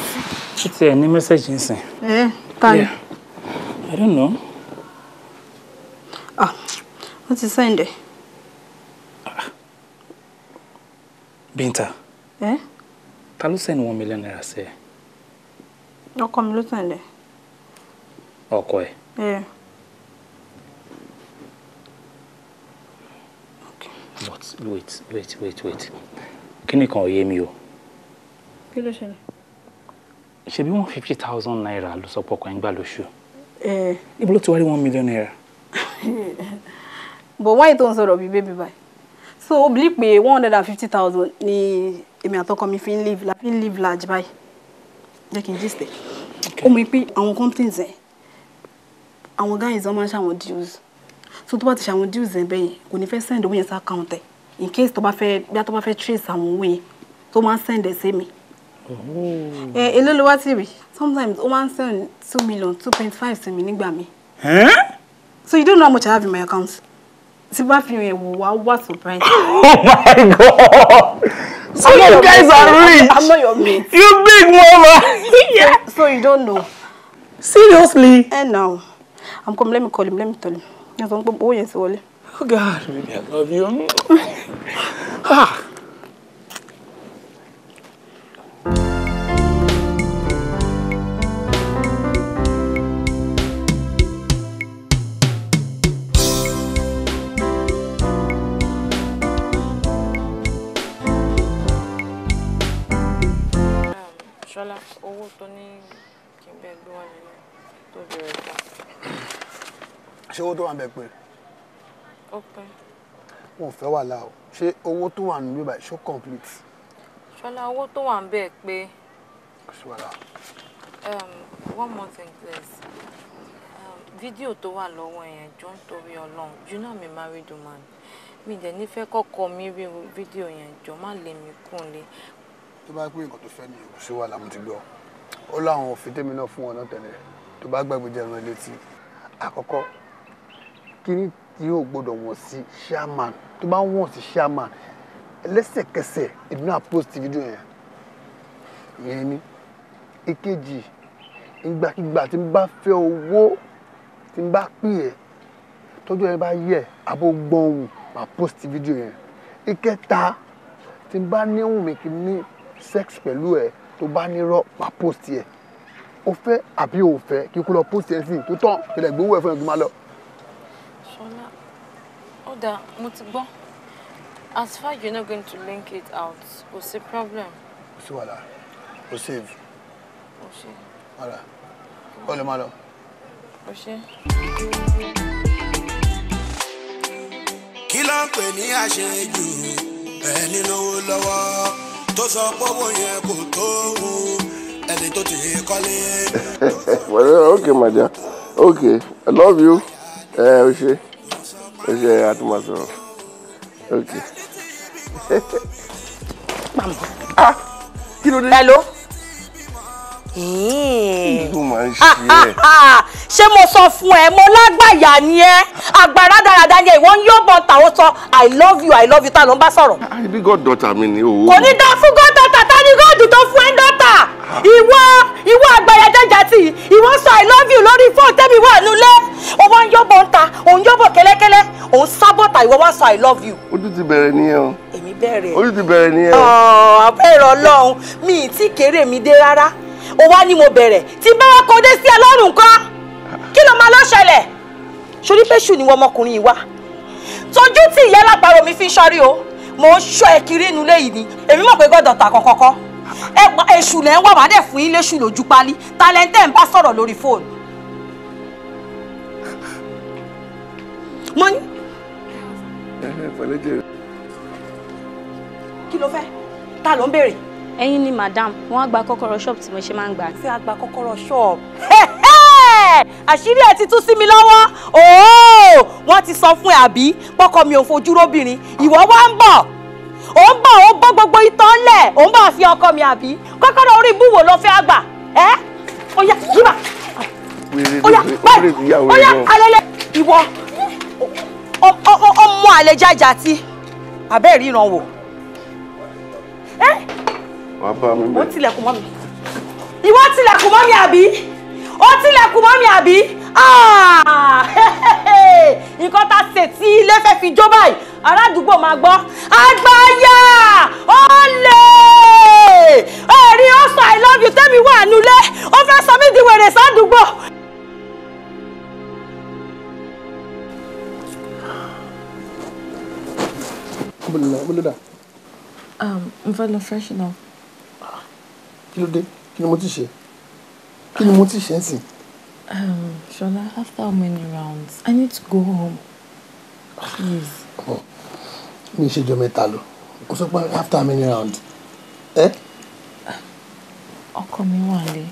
ṣé tiẹ̀ ní message, ń sìn. ẹ ta ni. i don't know. ah wọ́n ti sẹ́ǹdẹ̀. Ah. Binta. Eh? Ta ló send one million naira sí ẹ? Ọkọ mi ló send ẹ. Ọkọ ẹ? Eh. but wait wait wait wait Can nìkan call yé mi o. kí ló ṣẹlẹ̀. one fifty thousand naira ló sọ pọkàn ẹ̀ ń gbà lóṣù. Eh. níbo ló one million naira. but why don't ń sọ̀rọ̀ bíi bébí báyìí so ó me, one hundred and fifty thousand ni emi ato mi fi ń live la fi ń live large báyìí jẹ́ kí n gist ẹ̀ ó mú i pé àwọn companies ẹ̀ àwọn guys wọn máa ń deals so tó bá ti ṣe àwọn deals ẹ̀ bẹ́yẹn kò ní fẹ́ send owó yẹn sí account ẹ̀ in case tó bá fẹ́ bí a tó bá fẹ́ trace àwọn owó yẹn tó máa send ẹ̀ sí mi. Oh. ẹ èlé ló wá sí rí sometimes ó máa ń send two million two point five sí mi nígbà mi. so you don't know how much I have in my account tí bá fi hàn ẹ̀wò wá wá surprise. oh my god so you guys are rich I'm not your mate you big mama. so, you don't know. seriously. ẹ eh, now I'm coming let me call him let me tell him. Eu sou vamos pôr esse olho. Oh, God, baby, I love you. ah. Olha, owó tó ní kí n bẹ́ẹ̀ gbé ṣé owó tó wà ń bẹ pé. ó pé. wọn ò fẹ́ wàhálà o ṣé owó tó wà níbí báyìí ṣó complete. ṣọlá owó tó wà ń bẹ pé. kò sí wàhálà. Um, one more thing please fídíò um, tó wà lọ́wọ́ yẹn jọ ń torí ọlọ́run you know mi married woman mi dẹ̀ nífẹ̀ẹ́ kọ́kọ́ mi rí fídíò yẹn jọ má lè mí kún lé. tó bá pín nǹkan tó fẹ́ ni kò sí wàhálà mo ti gbọ́ ó láwọn òfin tèmi náà fún ọ náà tẹ̀lé tó bá gbàgbé jẹ́ ẹran létí àkọ́kọ́ kíní tí o gbọ́dọ̀ wọ̀n sí chairman tó bá wọ̀n sí chairman lẹ́sẹ̀kẹsẹ̀ èmi náà post fídíò yẹn ìyẹn ni èkejì ìgbàkigbà tí n bá fẹ́ owó tí n bá pè ẹ́ tọ́jú ẹ bá yẹ àbó gbọ̀nwù máa post fídíò yẹn ìkẹta tí n bá níhùn mi kì í ní sex pẹ̀lú ẹ tó bá nírọ́ máa post yẹ o fẹ́ àbí o fẹ́ kí n kú lọ post yẹn sí tó tán kí n ẹ fún ẹ kí n lọ. Ọ̀dà, mo ti gbọ́. As you're not going to link it out, kò sí problem. Kò sí wàhálà. Kò sí èvù. Kò sí. Wàhálà. Kọ́ lè máa lọ. Kò sí. ẹni lówó lọ́wọ́ tó sọ pé yẹn kò tó òun ẹni tó ti kọ́lé. Well, okay, my dear. Okay, I love you. Ẹ eh, o ṣe ó ṣe àtúmọ̀ sọ̀rọ̀ ok. ah kí ló dé. hello. ìlú eh. máa ń ah, ṣe ah, ah. ṣé mo sọ fún ẹ mo lágbàyà ni ẹ agbára dáradára ni ẹ ìwọ ń yọbọn ta sọ i love you i love you ta ló ń bá sọ̀rọ̀. ibi god daughter mi ni owó. kò ní dá fún god daughter ta ni god tó fún ẹ ń dọ́ ìwọ ìwọ àgbàyà jẹjàtì ìwọ sọ i love you lórí fóònù tẹ́mi wà nulẹ̀ o wá ń yọ̀bọ̀ ń ta òun yọ̀bọ̀ kẹ́lẹ́kẹ́lẹ́ òun sábọ̀tà ìwọ wá sọ i love you. ojú ti bẹ̀rẹ̀ nìyẹn o. èmi bẹ̀rẹ̀. ojú ti bẹ̀rẹ̀ nìyẹn o. àbẹ̀rẹ̀ ọlọ́run mi ì tí kéré mi dé rárá o wá ní mo bẹ̀rẹ̀ tí bá wa kọ́ dé sí ẹ lọ́rùn kan kí ló máa lọ́ṣẹlẹ̀ sórí pẹ́ṣù ni wọ́n ọmọkùnrin yìí wá tójú tí ìyá lápárò mi fi ń kiri inú lẹ́yìn ni èmi mọ̀ pé gbọ́dọ̀ èṣù ń wà wá fún yín léṣù lójú pálí talẹ́ńtẹ́ ń bá sọ̀rọ̀ lórí fóònù. mo ní. kí ló fẹ́ ta ló ń béèrè. ẹ̀yin ni madam wọn á gba kọ́kọ́rọ́ ṣọ́ọ̀bù tí mo ṣe máa ń gbà. ṣé a gba kọ́kọ́rọ́ ṣọ́ọ̀bù àṣírí ẹ ti tú sí mi lọ́wọ́ wọ́n ti sọ fún ẹ àbí pọ́kọ mi ò fojú róbìnrin ìwọ wá ń bọ̀ ò ń bọ̀ ò ń bọ́ gbogbo ìtàn lẹ̀ ò ń bọ̀ fi ọkọ mi àbí kọ́kọ́rọ́ orí ibú wo ló fẹ́ àgbà ẹ́ oya, yá yíba oya, yá báyìí ó yá alẹ́lẹ́ ìwọ ọmọ àlẹjájà tí abẹ́ ríran wò ẹ́ wọ́n tilẹ̀kùn mọ́ mi ìwọ tilẹ̀kùn mọ́ mi àbí ó tilẹ̀kùn mọ́ mi àbí ah! nǹkan tá a ṣe tí ilé fẹ́ fi jó báyìí aládùúgbò máa gbọ́ àgbáyà olè ẹ̀rí ó sọ i love you tẹ́mi wà nulẹ̀ ó fẹ́ sọ mí di wèrè sádùúgbò. Um, mo fẹ́ lọ fresh now. kí ló dé kí ni mo ti ṣe kí ni mo ti ṣe ń sìn. Um, Shola, after how many rounds? I need to go home. Please. Oh mi ìṣèjọ mẹ́ta lò kò sọ pé after many round ẹ. Eh? ọkọ mi wà lé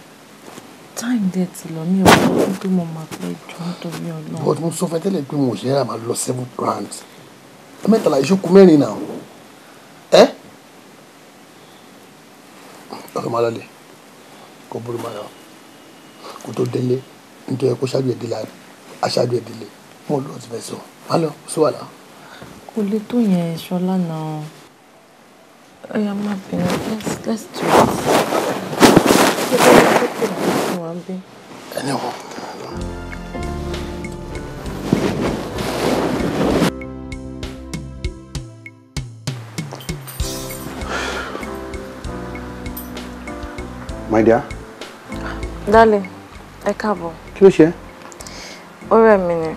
time dé ti lọ mi ò mọ pé mo máa pẹ́ jù nítorí Ọlọ́run. but mo sọ fún ẹ tẹ́lẹ̀ pé mo ṣe é rà máa lọ seven rounds mẹ́tàlá ìṣókù mẹ́rin náà ẹ. Eh? ọkọ máa lọlé kó burú máa yọ kó tó délé nítorí kó ṣáájú ẹ̀ délé aṣáájú ẹ̀ délé mo lọ́ọ́ ti fẹ́ sọ máa lọ sọ kò le tó yẹn Ṣọlá now. Ọ̀yà má bínú let's let's do it. Ṣé bẹ́ẹ̀ ni kókò náà fún wa bí? Ẹni wọ̀. My dear. Darling, ẹ káàbọ̀. Kí ló ṣe? Ọ̀rẹ́ mi ni.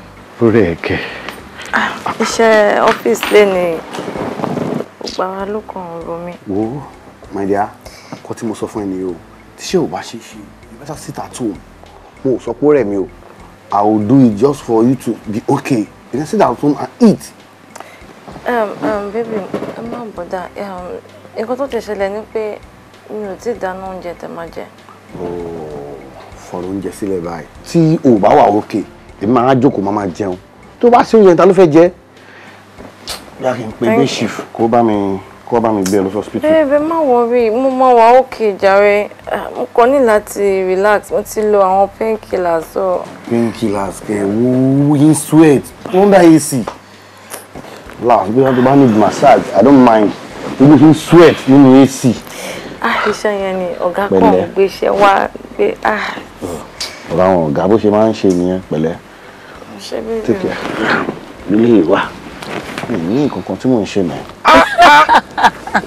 Ọ̀rẹ́ ẹ̀kẹ́ iṣẹ́ ọ́fíìsì lé ní gbogbo ara ló kàn ń ro mí. wo my dear kọ́ tí mo sọ fún ẹ nìyẹn o tíṣẹ́ ò bá ṣe ṣe you better sit at home mo ò sọ pé ó rẹ̀ mí o i will do it just for you to be okay you can sit at home and eat. Um, um, baby ẹ má bọ̀dà um, nǹkan tó ti ṣẹlẹ̀ ni pé mi ò tí ì dáná oúnjẹ tẹ máa jẹ. Oh, fọ̀rọ̀ oúnjẹ sílẹ̀ báyìí tí ò bá wà òkè èmi máa jókòó máa máa jẹun tó bá ṣe oúnjẹ ta ló fẹ́ jẹ. bí a kì í pe bí chief kó bá mi kó bá mi gbé lọ hospital. ẹ eh, bẹ má wọrí mo máa wà òkè jàre ah, mo kàn ní láti relax mo ti lo àwọn painkillers so. painkillers kẹ wo he sweat under ac laugh bí wọn tó bá need massage i don't mind ibi he sweat nínú ac. ah iṣẹ́ yẹn ni ọ̀gá kan gbéṣẹ́ wá gbé ah. ọ̀rọ̀ àwọn ọ̀gá bó ṣe máa ń ṣe nìyẹn pẹ̀lẹ́ ṣe bí rẹ. take care nílé ìwà mi ní nǹkan tí mò ń ṣe mọ́.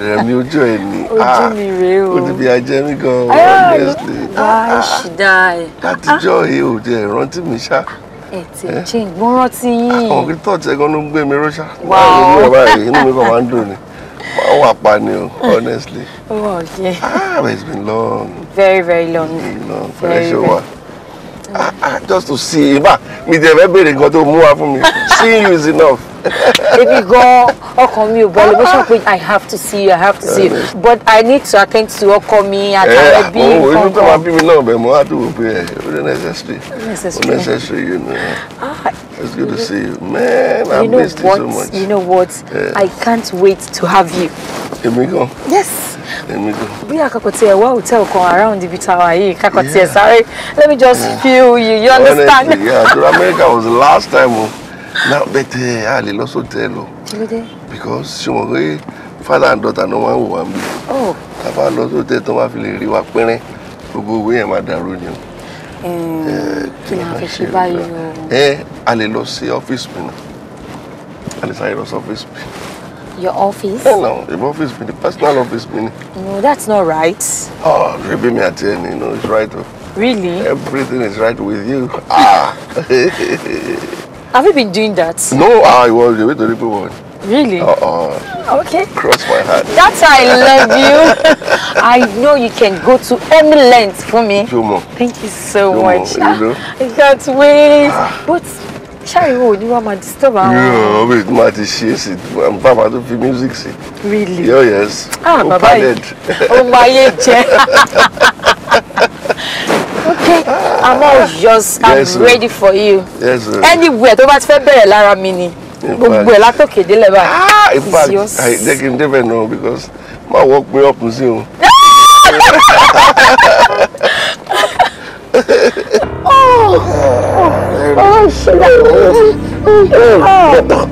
rẹ̀mí ojú ẹ̀ ni ojú ah, mi rèé o ojú ajẹ́ mi gan-an honestly. why should I. látijọ́ ah. yìí ò jẹ́ ìrántí mi ṣá ẹ̀tẹ̀ eh? ṣe ìgbọ́nrán tí yín. àwọn kìtọ́ tẹ gan ló ń gbé mi rọ́ṣà. wà á ní ọ̀rá yìí inú mi kàn máa ń dùn ni wọ́n wà pa ni o honestly. wọ́n yẹ. ah but it's been long. very very long. very long. very long. just to see ibà mi tẹ fẹ́ béèrè nǹkan tó mú wa fún mi seeing you is enough. ebi gan ọkàn mi ò bọ́lẹ̀ bó ṣe pé i have to see you i have to see you eh. but i need to attend to ọkọ mi àtàwọn eh, ẹbí nǹkan kan. ojú tó máa bí mi náà bẹ̀ mọ́ àdúgbò pé ẹ̀ eh, ó dé necessary ó necessary you know. Ah, It's good to see you. Man, you I missed what, you so much. You know what? Yeah. I can't wait to have you. Let me go. Yes. Let me Emigo. Bóyá kakọ̀ tiẹ̀ what hotel kan around ibi táwa yìí kakọ̀ tiẹ̀ sáré. Let me just yeah. feel you, you understand? Honestly, yeah, to America was the last time o. Oh. Now bẹ̀tẹ̀ eh, a lè lọ sọ́tẹ̀ lọ. Oh. Kílódé? Because she mo father and daughter náà wá wò wá mi. Tá a bá lọ hotel. tó wá fi lè rí wa pẹ́rẹ́, gbogbo owó yẹn máa dàrú ni o. Eh, kí ni a fi ṣe eh, báyìí o. ẹ eh, a lè lọ sí ọ́fíìsì mi náà a lè sáré lọ sí ọ́fíìsì mi. Your office? Yeah, no, the office, the personal office. No, that's not right. Oh, ah, Rebbe me attend, you know, it's right. Really? Everything is right with you. Ah! Have you been doing that? No, I was the way to the Really? Uh -uh. Okay. Cross my heart. That's why I love you. I know you can go to any length for me. Jomo. Thank you so Jomo, much. You know? Ah, I can't wait. Ah. But ṣáàríwò ni wọ́n máa disturb àwọn. yóò wait máa ti ṣe é sí bàbá tó music sí. really yóò oh, yes. ah my yìí Oh my yé okay i'm all yours i'm yes, ready for you. yes sir. anywhere tó bá ti fẹ́ bẹ̀rẹ̀ lára gbogbo ẹ̀ látòkè délẹ̀ báyìí it's yours. jẹ́ kí n débẹ̀ náà because máa wọ́ pé ọkùnrin sí o. Oh, sugar.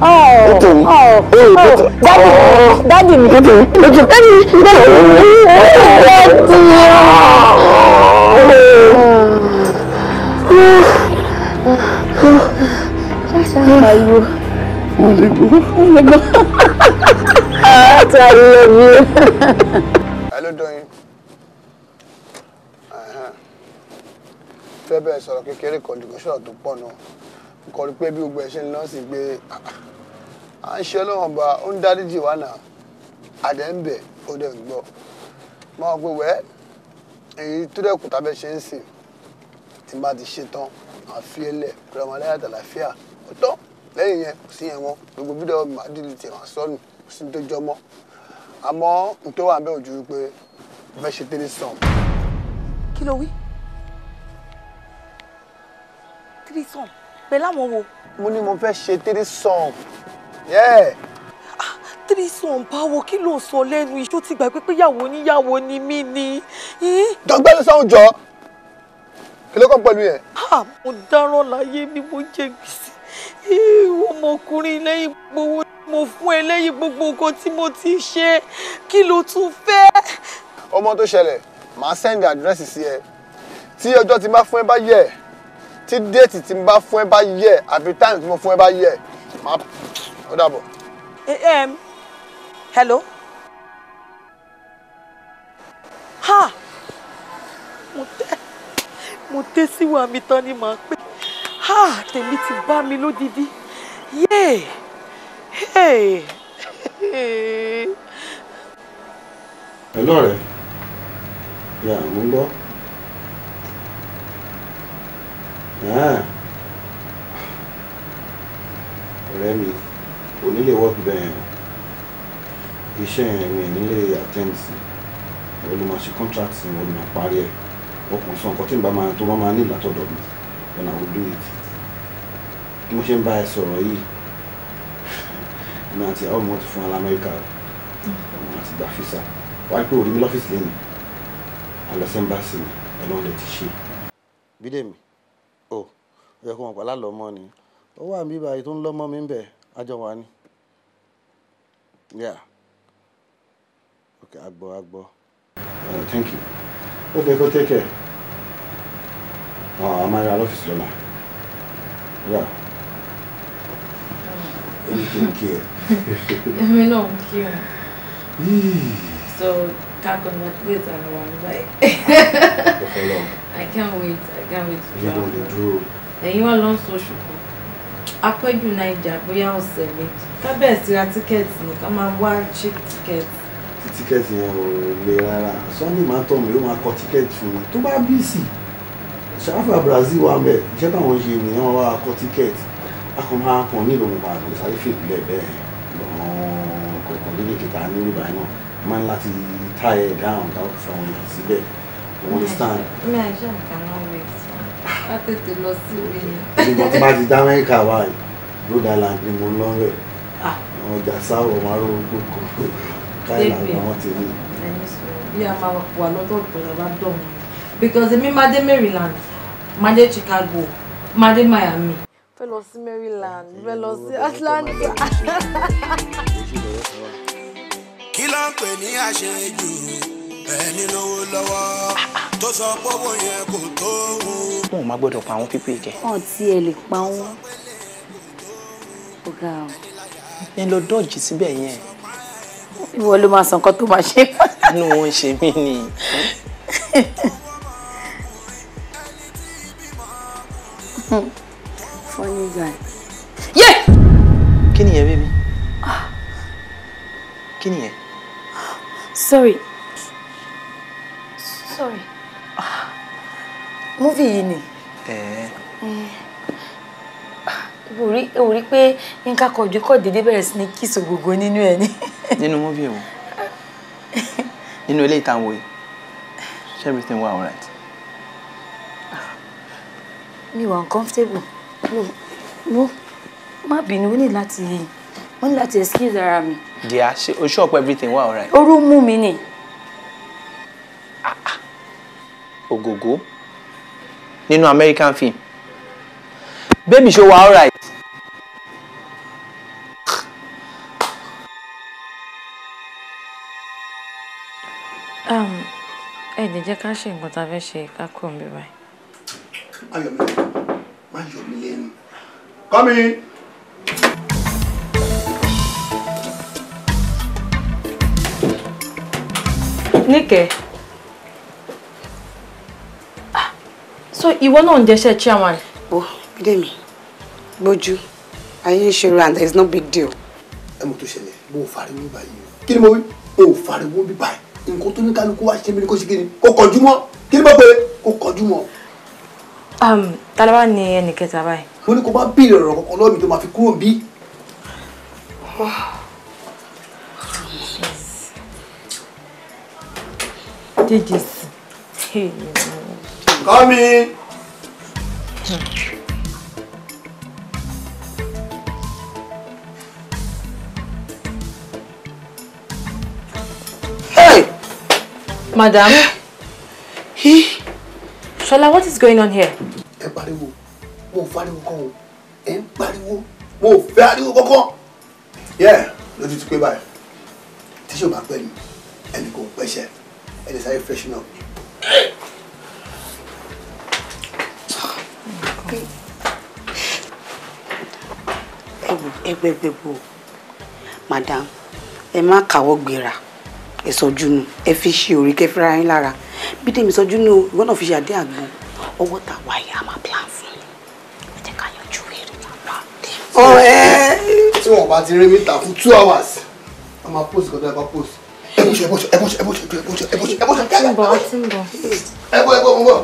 Oh, daddy, daddy, daddy, daddy, daddy, daddy. Daddy. Daddy. Mon Lego. Mon Lego. That's why I love you. Hello, Doyin. Fẹ́ bẹ́ẹ̀ sọ̀rọ̀ kékeré kan jù kó sọ̀rọ̀ tó pọ̀ náà. Kọ̀ rí pé bí gbogbo ẹ̀ ṣe ń lọ sí gbé à ń ṣe ọlọ́wọ́n ba ó ń dáríjì wá náà. Àdẹ̀ ń bẹ̀ ó dẹ̀ ń gbọ́. Máa wọ pé wẹ́ èyí tó dẹ̀ kùtà bẹ́ẹ̀ ṣe ń sìn. Tí lẹ́yìn yẹn kò sí yẹn mọ́ gbogbo fídíò máa dìlì tì máa sọ́nù kò sí tó jọ mọ́ àmọ́ n tó wà ń bẹ́ òjú pé mo fẹ́ ṣe tẹ́lẹ̀ sàn. kí ló wí three song pẹ̀lú àwọn wo. mo ní mo fẹ́ ṣe three song. three song báwo kí ló sọ lẹ́nu iṣó ti gbàgbé pé yàwó oníyàwó ni mí ni. dọ̀gbẹ́ni sọ́hún jọ kí ló kàn pẹ̀lú yẹn. Ah, mo dáràn láyé mi mo jẹ gbèsè ọmọkùnrin lẹ́yìn gbowó mo fún ẹ lẹ́yìn gbogbo nǹkan tí mo ti ṣe kí ló tún fẹ́. ọmọ tó ṣẹlẹ̀ màá send àdírẹ́sì sí ẹ tí ọjọ́ tí bá fún ẹ bá yẹ tí déètì tí bá fún ẹ bá yẹ àbí táìmù tí mo fún ẹ bá yẹ màá ó dàbọ̀. hello. mo tẹ́ mo tẹ́ sí mi tán ni màá pè ha tèmi ti bá mi lódìdí yéè pẹ̀lú ọ̀rẹ́ yà mú gbọ́ ah. ọ̀rẹ́ mi kò nílé wọ́ọ̀kì bẹ́ẹ̀ iṣẹ́ mi nílé àtẹ́ǹtì ẹ̀rọ máa ṣe contract mi ó ní máa parí ẹ̀ ọkùnrin sọ nǹkan tí n bá máa tó bá máa ní ìlàtọ̀dọ̀ mi then I will do it mo ṣe ń bá ẹ sọ̀rọ̀ yìí mi àti àwọn ọmọ ti fún wa lamẹ́ríkà ọmọ àti gba fisa wáyé pé òrí mi lọ́fíìsì lẹ́nu alọ́sẹ́ńbàṣì ni ẹ̀lọ́n lè ti ṣe. bídèmí o ò yẹ kó wọn pàlà lọ́mọ ni ó wà ní bíbá ètò ńlọ́mọ mi ń bẹ̀ àjọ wa ni. yeah ok agbọ agbọ. thank you ó fẹ́ kó take care. ọ̀ àmàlà lọ́fíìsì lọ́la. yeah èmi kì í kí ẹ. èmi náà ń so talk on that wa ní báyìí. I can't wait I can't wait to You travel. ẹ̀yin wá lọ sọ ṣùgbọ́n apẹ́jù naija bóyá ọ̀sẹ̀ méjì ká bẹ̀rẹ̀ sí ra tíkẹ́ẹ̀tì ni ká máa wá cheap ticket. tí tíkẹ́ẹ̀tì yẹn ò le rárá sunday máa tọ̀ mí ó máa kọ tíkẹ́ẹ̀tì fún mi tó bá bí sí ṣàfà Brazil wà mẹ́ ìṣẹ́ táwọn ṣe nìyẹn wọ́n wá kọ ticket akọ̀nà akọ̀ nílò mo pàdé sáré fìlú lẹ̀ bẹ́ẹ̀ lọ́wọ́ kọ̀ọ̀kan lórí kìtà lórí báyìí náà máa ń láti tie it down without throwing it síbẹ̀ you understand. mi àìsàn kan náà wẹ̀ sí i wá tètè lọ sí ìwé yẹn. ìgbà tí bá ti dá mẹ́ríkà wáyé Rhode Island ni mo ń lọ rẹ̀ ọjà sáwọ̀ márùn ún gbogbo káyọ̀ àwọn tèmi. bí a máa wà lọ́dọ̀ ìpínlẹ̀ bá dọ̀ wọ́n because èmi máa dé Maryland máa dé Chicago máa dé Miami fẹ́ lọ sí Maryland fẹ́ lọ sí Atlanta. kí ló ń pè ní àṣejù ẹni lówó lọ́wọ́ tó sọ pé owó yẹn kò tó òun. wọn ò má gbọ́dọ̀ pa àwọn pípé kẹ. wọn ti ẹ lè pa wọn. ọ̀gá o. ẹ lọ dọ́ọ̀jì síbẹ̀ yẹn. ìwọ ló máa sàn kan tó máa ṣe. inú wọn ṣe mí ni. Hmm. Yeah. Kini Kí ni yẹn, baby? Ah. Kí ni yẹn? Sorry. Sorry. Ah. Movie yìí ni. Eh. Orí eh. orí pé Yínká kọjú kọ̀ déédéé bẹ̀rẹ̀ sí ní kíso gbogbo nínú ẹ̀ ni. Nínú movie o? Nínú ilé ìtàn wo yìí? everything wà alright? Ah. Me wà uncomfortable. No wo má bínú ó ní láti ó ní láti excuse ara mi. díà ṣe o ṣọ́ọ̀pù sure everything well ọ̀rẹ́. orú mú mi ni. Ah, ah. ògògó nínú American film baby ṣe wà alright. um, ẹ ní jẹ́ ká ṣe nǹkan tá a fẹ́ ṣe ká kúrò níbí báyìí. mi má yọ̀ mí lẹ́nu. Come in. Níkẹ́. Ah, so you náà ń jẹ́ṣẹ́ chairman. Bo, Bídèmí, gbójú, ayé ìṣòro and there is no big deal. I'm mọ̀ tó ṣẹlẹ̀, mo ò fariwo bí báyìí. Kí ni mo wí? O ò fariwo bí báyìí. Nǹkan tó ní kálukú wá ṣe mí ní kó ṣe kí ni? Kò kọjú mọ́. Kí ni um, bá pé mo ní kó bá béèrè ọ̀rọ̀ kankan lọ́ọ̀mì tó máa fi kúrò bí. kọ́mi. Madam. Shola, what is going on here? Ẹ mo ò fariwo kan o ẹ ń pariwo mo ò fẹ́ ariwo kankan yẹ lójú ti pé báyìí tíṣù bá pẹ́ ni ẹnì kò pẹ́ṣẹ́ ẹnì sáré fẹ́ṣin náà. ẹgbẹ́ ẹgbẹ́ gbogbo madam ẹ má kàwọ́ gbéra ẹ sọjú nù ẹ fi ṣe orí kẹfìrà yín lára bí tèmi sọjú nù ìwọ náà fi ṣe àdé ọwọ́ tàwa yà ọ̀rẹ́. tí wọn bá ti rí mi ta fún two hours a máa post kọjá bá post. ẹbọṣọ ẹbọṣọ ẹbọṣọ ẹbọṣọ ẹbọṣọ ẹbọṣọ ẹbọṣọ. ọtí ń bọ̀ ọtí ń bọ̀. ẹbọ ẹbọ ń bọ̀.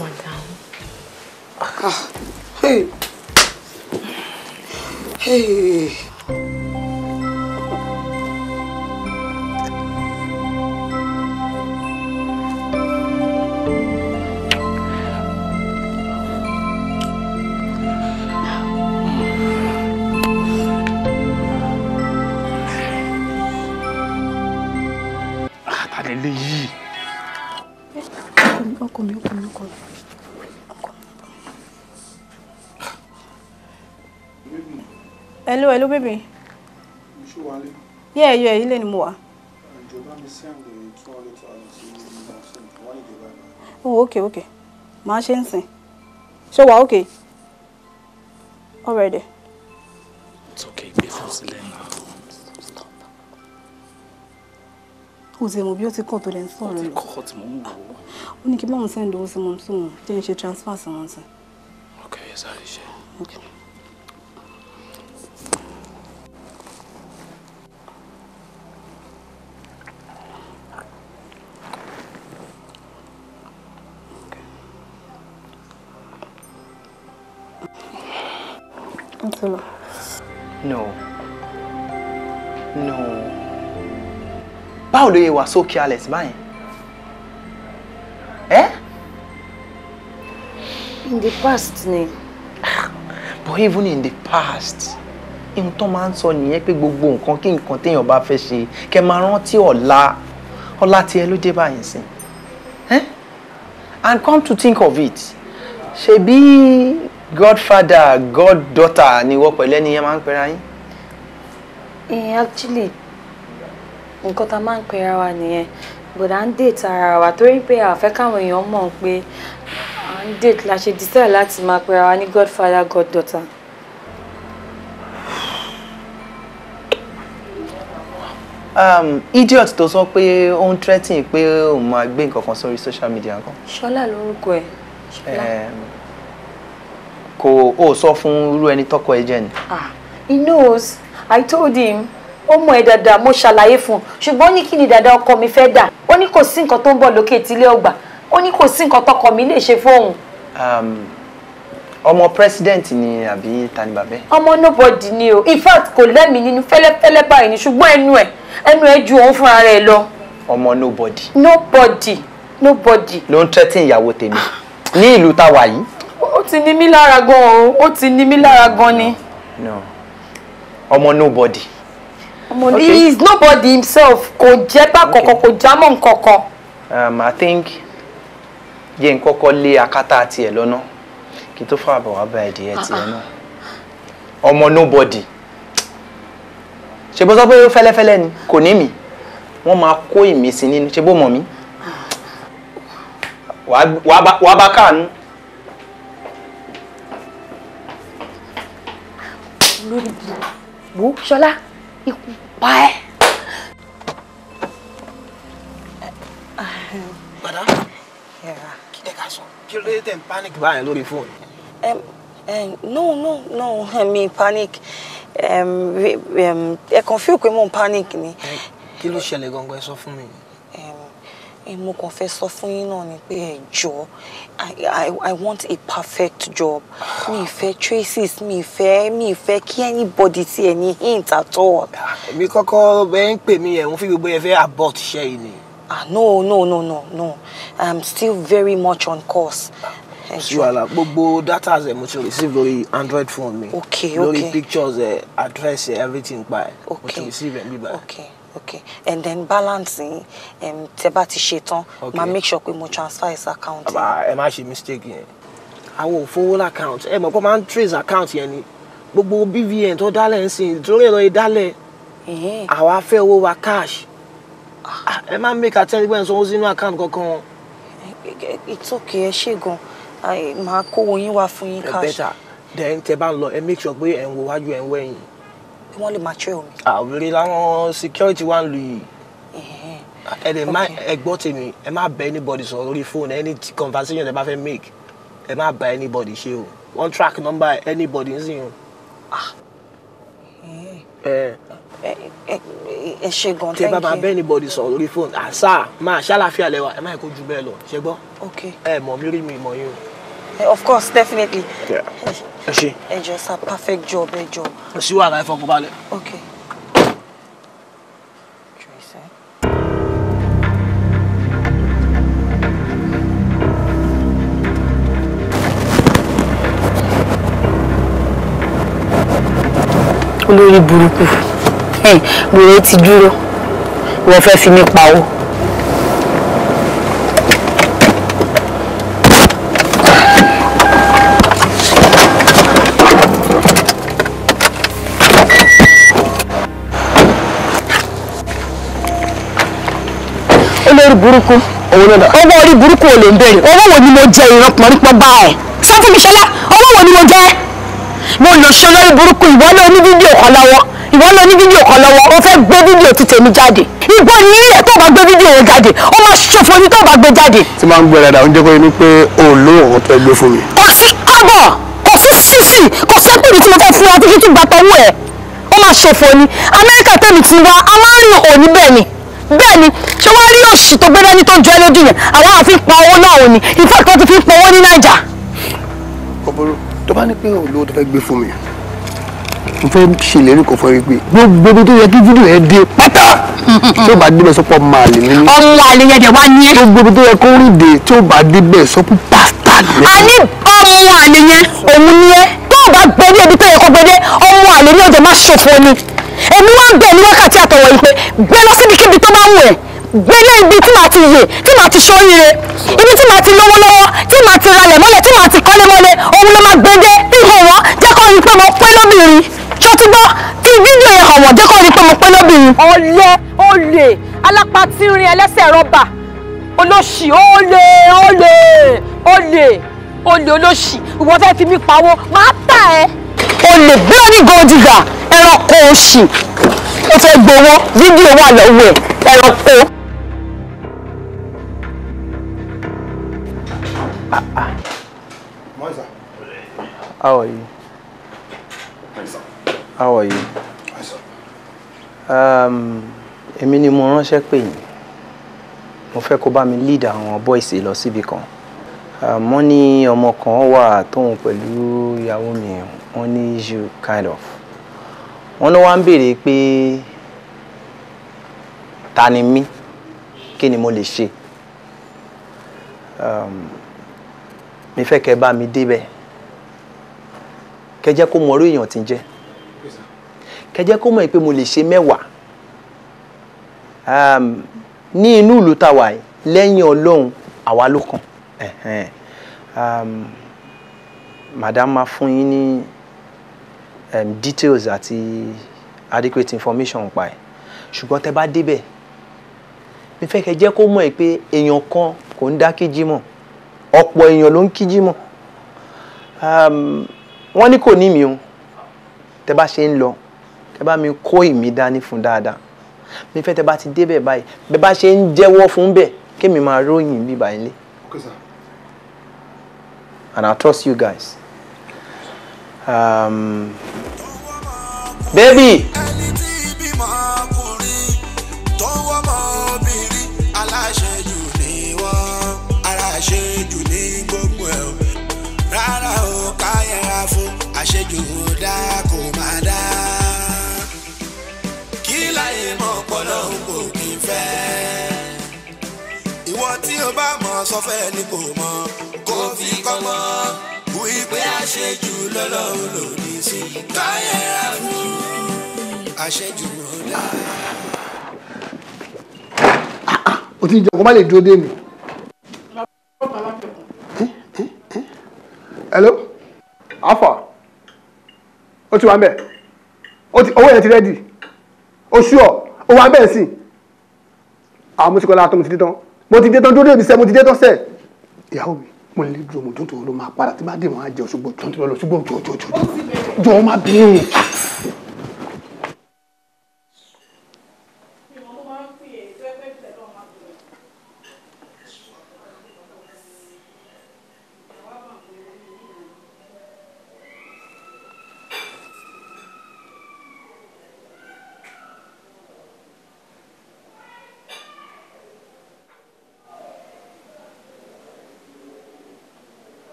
madam. Hey. Hey. hello hello baby. ṣé wàá yeah yeah you're ni mo oh okay okay màá ṣe ń sìn okay already. it's okay gbé fún sílẹ̀ náà. Uze mo bí ó ti kàn tó lẹ́nu sọ̀rọ̀ rẹ̀. Ó ti kọ́ tí Okay, ẹ Okay. Ntoma. No. No. Báwo ló yẹ wà so careless báyìí? Eh? In the past ni. But even in the past, ohun tó máa ń sọ nìyẹn pé gbogbo nǹkan kí nǹkan téèyàn bá fẹ́ ṣe kẹ́ máa rántí ọ̀la ọ̀la tiẹ̀ ló dé báyìí sìn. And come to think of it, ṣebí godfather goddaughter ni wọ́n pẹ̀lẹ́ ni yẹn máa ń pera yín. ẹ actually nǹkan tá a máa ń pera wa nìyẹn bọ̀dà ń date ara wa torí pé àfẹ́ káwọn èèyàn mọ̀ pé à ń date la ṣe decide láti máa pera wa ní godfather goddaughter. um, idiot tó sọ pé ó ń threatening pé òun máa gbé nǹkan kan sórí social media kan. ṣọlá lórúkọ ẹ ṣọlá. Um, kò ó sọ fún irú ẹni tọkọ ẹ jẹ ni. ah he knows i told him ó mọ ẹ dáadáa mo ṣàlàyé fún un ṣùgbọ́n ní kí ni dáadáa ọkọ mi fẹ́ dà ó ní kò sí nǹkan tó ń bọ̀ lókè tílé ọgbà ó ní kò sí nǹkan tọkọ mi lè ṣe fóun. Um, ọmọ president ni abi tani babe. ẹ. ọmọ nobody ni o in fact kò lẹ́mìí nínú fẹ́lẹ́fẹ́lẹ́ báyìí ni ṣùgbọ́n ẹnu ẹ ẹnu ẹ ju òun fúnra rẹ lọ. ọmọ nobody. nobody nobody. ló ń threaten ìyàwó tèmi ní ìlú táwa yìí ó ti ní mí lára gan o ó ti ní mí lára gan ni. no ọmọ nobody. Omo okay. he is nobody himself kò jẹ́ bá kankan kò já mọ́ nkankan. um i think yẹ n kọ́kọ́ lé akátá tiẹ̀ lọ́nà kí n tó fà bọ̀ wá bá ẹ̀dìyẹ tiẹ̀ náà ọmọ nobody ṣe bó sọ pé fẹ́lẹ́fẹ́lẹ́ ni kò ní mi wọ́n máa kó ìmísí nínú ṣe bó mọ̀ mí wàá bá káàánú. olórí bíi wò ó ṣọlá ikú pa ẹ́. madam kí lè ká sọ kí ló dé tẹ̀ ń panic báyìí lórí fóònù. no no no mi panic ẹ kàn fíò pé mo ń panic ni. kí ló ṣẹlẹ̀ gangan ẹ sọ fún mi ẹ eh, mo kàn fẹ́ sọ fún yín náà ni pé ẹ jọ̀ọ́ i want a perfect job mi ìfẹ́ traces mi ìfẹ́ mi ìfẹ́ kí anybody ti ẹ ní hint at all. Ah, èmi kọ́kọ́ bẹ́ẹ̀ ń pè mí ẹ̀ ń fi gbogbo ẹ fẹ́ abort ṣe yìí ni. ah no no no no no i'm still very much on course. sí wàhálà gbogbo data ẹ mo ti receive lórí android phone mi okay, okay. lórí pictures ẹ address ẹ everything pa ẹ mo ti receive ẹ bíbá ẹ okay and then balancing, yín um, tẹ bá ti ṣe tán okay. make sure pé mo transfer his account. àbá ẹ má ṣe mistake yẹn àwọn òfowó account ẹ mọ̀ pé máa ń trace account yẹn ni gbogbo BVN tó dálẹ̀ ń sìn torí ẹ̀rọ ìdálẹ̀ àwa fẹ́ owó wa cash ah. Ah, ẹ má make àtẹ́rígbẹ́ ìsanwó sínú account kankan. it's okay ẹ ṣe gan máa kó owó yín wá fún yín cash. ẹ bẹ́tà then tẹ bá ń lọ ẹ make sure pé ẹ̀ ń wo wájú ẹ̀ ń wẹ̀yìn kí wọ́n lè máa ṣe omi. àwòrán làwọn security wa ń lu yìí ẹ lè má ẹ gbọ́ tèmi ẹ má bá anybody sọ̀rọ̀ lórí fóònù any conversation ẹ bá fẹ́ make ẹ má bá anybody ṣe o wọ́n track number anybody nsìn o. Ah. ẹ ṣe gan thank you. tẹ bá máa bá anybody sọ̀rọ̀ lórí fóònù àṣà máa ṣàlàfíà lẹ́wà ẹ má yẹ kó ju bẹ́ẹ̀ lọ ṣe gbọ́. ẹ mọ̀ mi rí mi mọ̀ yín o. Eh, of course definitely. Eh, ẹ ṣe. ẹ just a perfect job ẹ Let's see what I ẹ fọkàn balẹ̀. okay. olórí burúkú wèrè eh, ti dúró wọ́n fẹ́ fi mí pawó. burúkú owó orí burúkú ò lè ń bèrè owó wo ni mo jẹ ìran pọ̀nrípọ̀ bá ẹ̀ sọ fún mi ṣọlá owó wo ni mo jẹ mo lò ṣe lórí burúkú ìwọ ló ní fídíò kan lọ́wọ́ ìwọ ló ní fídíò kan lọ́wọ́ o fẹ́ gbé fídíò ti tèmi jáde ìgbọ́ ní ilẹ̀ tó bá gbé fídíò yẹn jáde ó máa ṣòfò ní tó bá gbé jáde. tí máa ń gbé dáadáa oúnjẹ kọ́ ni pé òun ló òun fẹ́ gbé fún mi. kò sí kábọ̀ kò sí sísì kò sẹ́kùnrin tí mo fẹ́ fún ọ títí tí gbàtọ̀ wù ẹ́ ó máa ṣòfò ni amẹ́ríkà tẹ̀mí ti wá a òní bẹ́ẹ̀ ni bẹ́ẹ̀ ni ṣé wàá rí òṣì tó gbé dání tó ń jọ lójú yẹn àwọn àfi pa owó náà ò ní ìfẹ́ kan ti fi pa owó ní nàìjà. kọ́bọ̀rọ̀ tó bá ní pé olówó tó fẹ́ gbé fún mi mo fẹ́ ṣèlérí kan fún ẹ pé gbogbo ibi tó yẹ kí fídíò ẹ dé pátá tí ó bá débẹ̀ sọ́pọ̀ máa lè nínú. ọmọ àlè yẹn dẹ̀ wá ní ẹ. gbogbo ibi tó yẹ kó rí de tí ó bá débẹ̀ sọ́pọ̀ pátá lẹ́nu. a ní ọmọ àlè yẹn òun ni ẹ tó o bá gbẹ ní ibi tó yẹ kó gbẹ dé ọmọ àlè ni ọjà máa ṣòfò ni èmi wá bẹ̀ ní wákàtí àtọ̀wọ̀ yìí pé gbẹ lọ síbi kíbi tó bá wù ẹ́ gbélé ibi tí màá ti yè tí màá ti ṣoríire ibi tí màá ti lówó lọ́wọ́ tí màá ti ralẹ̀ mọ́lẹ̀ tí màá ti kọ́lé mọ́lẹ̀ òun ló máa gbé dé ihò wọn jẹ́ kó rí pé mo pé lóbìnrin ṣọtúgbọ́ fi fídíò yẹn hàn wọ́n jẹ́ kó rí pé mo pé lóbìnrin. ọ̀lẹ olè alápá tí ń rin ẹlẹ́sẹ̀ rọ́bà olóṣì olè olè olè olè olóṣì ìwọ fẹ́ fi mí pawó máa tà ẹ́. olè bí ó ní gòdìgà ẹranko òṣì ó fẹ́ gbowó fídíò wà lọ́wọ́ ẹranko. Moisa. How are you? Moisa. How are you? Moisa. Um, èmi ni mo ránṣẹ́ pè yín. Mo fẹ́ kó bá mi lead àwọn boys lọ síbi kan. Um, wọ́n ní ọmọ kan wà tóun pẹ̀lú ìyàwó mi. Wọ́n ní you kind of. Wọ́n ní wá ń béèrè pé ta ni mí? Kí mo lè ṣe? Um, mi fẹ́ kẹ́ bá mi débẹ̀ kẹ́ jẹ́ kó mọ orí èèyàn tí ń jẹ́ kẹ́ jẹ́ kó mọ̀ pé mo lè ṣe mẹ́wàá ní inú ìlú tàwa yìí lẹ́yìn ọlọ́run àwa ló kàn madam máa fún yín ní details àti adequate information pa ẹ̀ ṣùgbọ́n tẹ́ bá débẹ̀ mi fẹ́ kẹ́ jẹ́ kó mọ̀ pé èèyàn kan kò ń dá kejì mọ̀ ọ̀pọ̀ èèyàn ló ń kí jímọ̀ um, wọ́n ní kò ní mi o tẹ bá ṣe ń lọ tẹ bá mi kó ìmí dání fún dáadáa mi fẹ́ tẹ bá ti débẹ̀ báyìí bẹ bá ṣe ń jẹ́wọ́ fún bẹ́ẹ̀ kémi máa ròyìn bíbá ilé okay and I trust you guys. Um, baby. àṣejù dá kò má dá. kí láyé mọ ọpọlọ kò kí n fẹ́. ìwọ tí o bá mọ sọfẹ́ ni kò mọ kó fi kọ́mọ. wípé àṣejù lọ́lọ́run lòdì sí káyẹ̀rẹ́ fún àṣejù dá. o ti ń jẹun kó má dúró dé mi. hello afa ó ti wà ńbẹ̀ owó yẹn ti rẹ́dì oṣù ọ̀ ó wà ńbẹ̀ sí àwọn mo ti kọ́ láàtọ́ mo ti dé tán mo ti dé tán dúró débi sẹ́ mo ti dé tán sẹ́ ìyàwó mi mo lè dúró mo dúró tó ló máa padà tí bá dé mo á jẹ òṣùgbọ́n tó ń tó lọ ṣùgbọ́n jọ̀ọ́ jọ̀ọ́ jọ̀ọ́ jọ̀ọ́ má bínú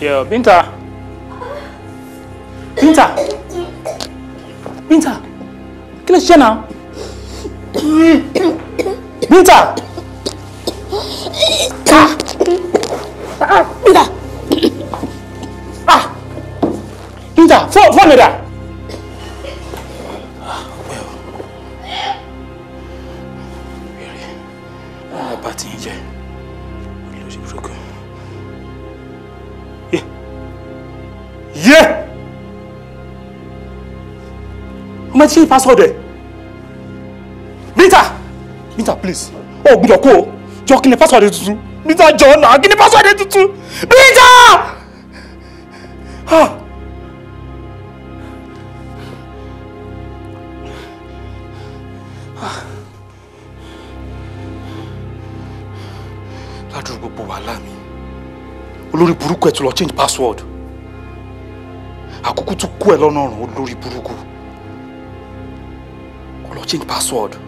Yo, Binta. Binta. Binta. Kí ló ṣe náà? Binta. Ka. Ah, Binta. Ah. Binta, fọ́ fọ́ mi ṣí password ẹ̀ Mita, Mita, please o gbúdọ̀ kó o jọ kí ni password ẹ tuntun Peter jọ náà kí ni password ẹ tuntun Peter. Ah. ládùúgbò gbogbo wàhálà mi olórí burúkú ẹ tún lọ change password àkókò tún kú ẹ lọ́nà ọ̀run olórí burúkú. Change password.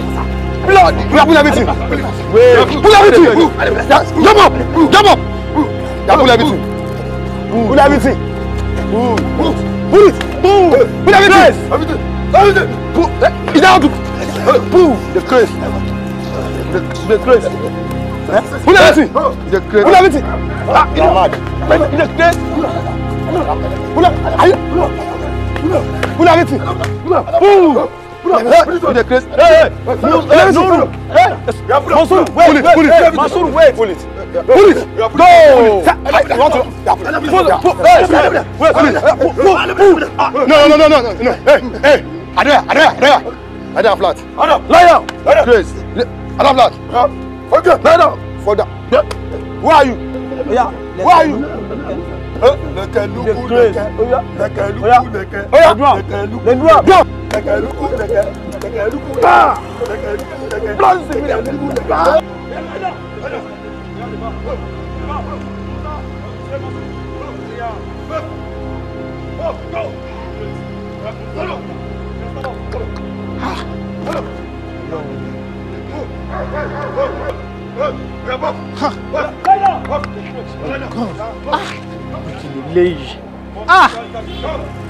blood. We are pull everything. Pull everything. Jump up. Jump up. Yeah, pull everything. Pull everything. Pull it. Pull everything. Pull. Is that how to pull the crest? The, the crest. Pull everything. The crest. Pull everything. Ah, you know. The crest. Pull. Are you? Pull everything. Pull you dey craze. Hey, hey, you, hey, no, no. Hey, Masuru, wait, wait, wait, Masuru, wait. Pull it. Pull it. No. I want to. Pull it. Pull it. Wait, pull it. Pull, pull. No, no, no, no, no, Hey, Hey, hey. Adaya, Adaya, Adaya. Adaya flat. Adaya. Lie down. Craze. Adaya flat. Okay. Lie down. For that. Who are you? Yeah. Who are you? lẹkẹ lukú lẹkẹ lẹkẹ lukú lẹkẹ lẹkẹ lukú lẹkẹ lukú. la ruku Ah! Ah! ah.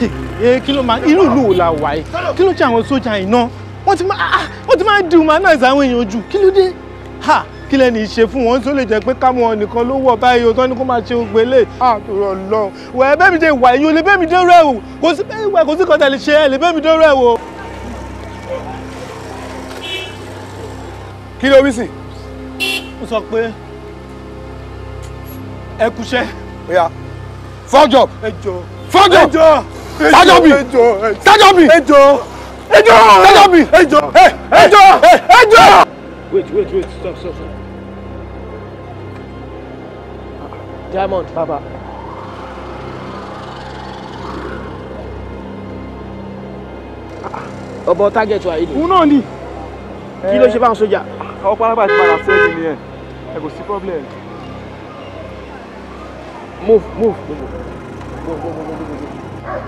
Eh, kí ló máa irú ìlú la wà yìí kí ló jẹ́ àwọn sójà iná wọ́n ti máa ah, wọ́n ti máa dehumanize àwọn èèyàn jù kí ló dé ha kí lẹ́ni ṣe fún wọn tó lè jẹ́ pé kámọ́ wọn nìkan ló wọ̀ báyìí o tó ní kó máa ṣe ògbé lè àtúrọ̀ lọ wẹ̀ ẹ bẹ́ẹ̀ mi dé ìwà yìí o lè bẹ́ẹ̀ mi dé rẹ̀ o kò sí bẹ́ẹ̀ ìwà kò sí kọ́tà lè ṣe ẹ lè bẹ́ẹ̀ dé rẹ̀ o. kí ló wí sí. ó sọ pé ẹ kúṣẹ́. ó yá fọ́jọ́ fọ́jọ́ Tájọ́bí Tájọ́bí ẹjọ́ ẹjọ́ Tájọ́bí ẹjọ́ ẹjọ́ ẹjọ́. wait wait wait stop stop stop. Diamond baba. ọbọ target wa yìí ni. òun náà ni. kí ló ṣe eh, báwọn sójà. ọ̀pọ̀ alábà ti padà sí ẹ̀jẹ̀ nìyẹn ẹ kò sí problem. move move move move move move move move. Go! Go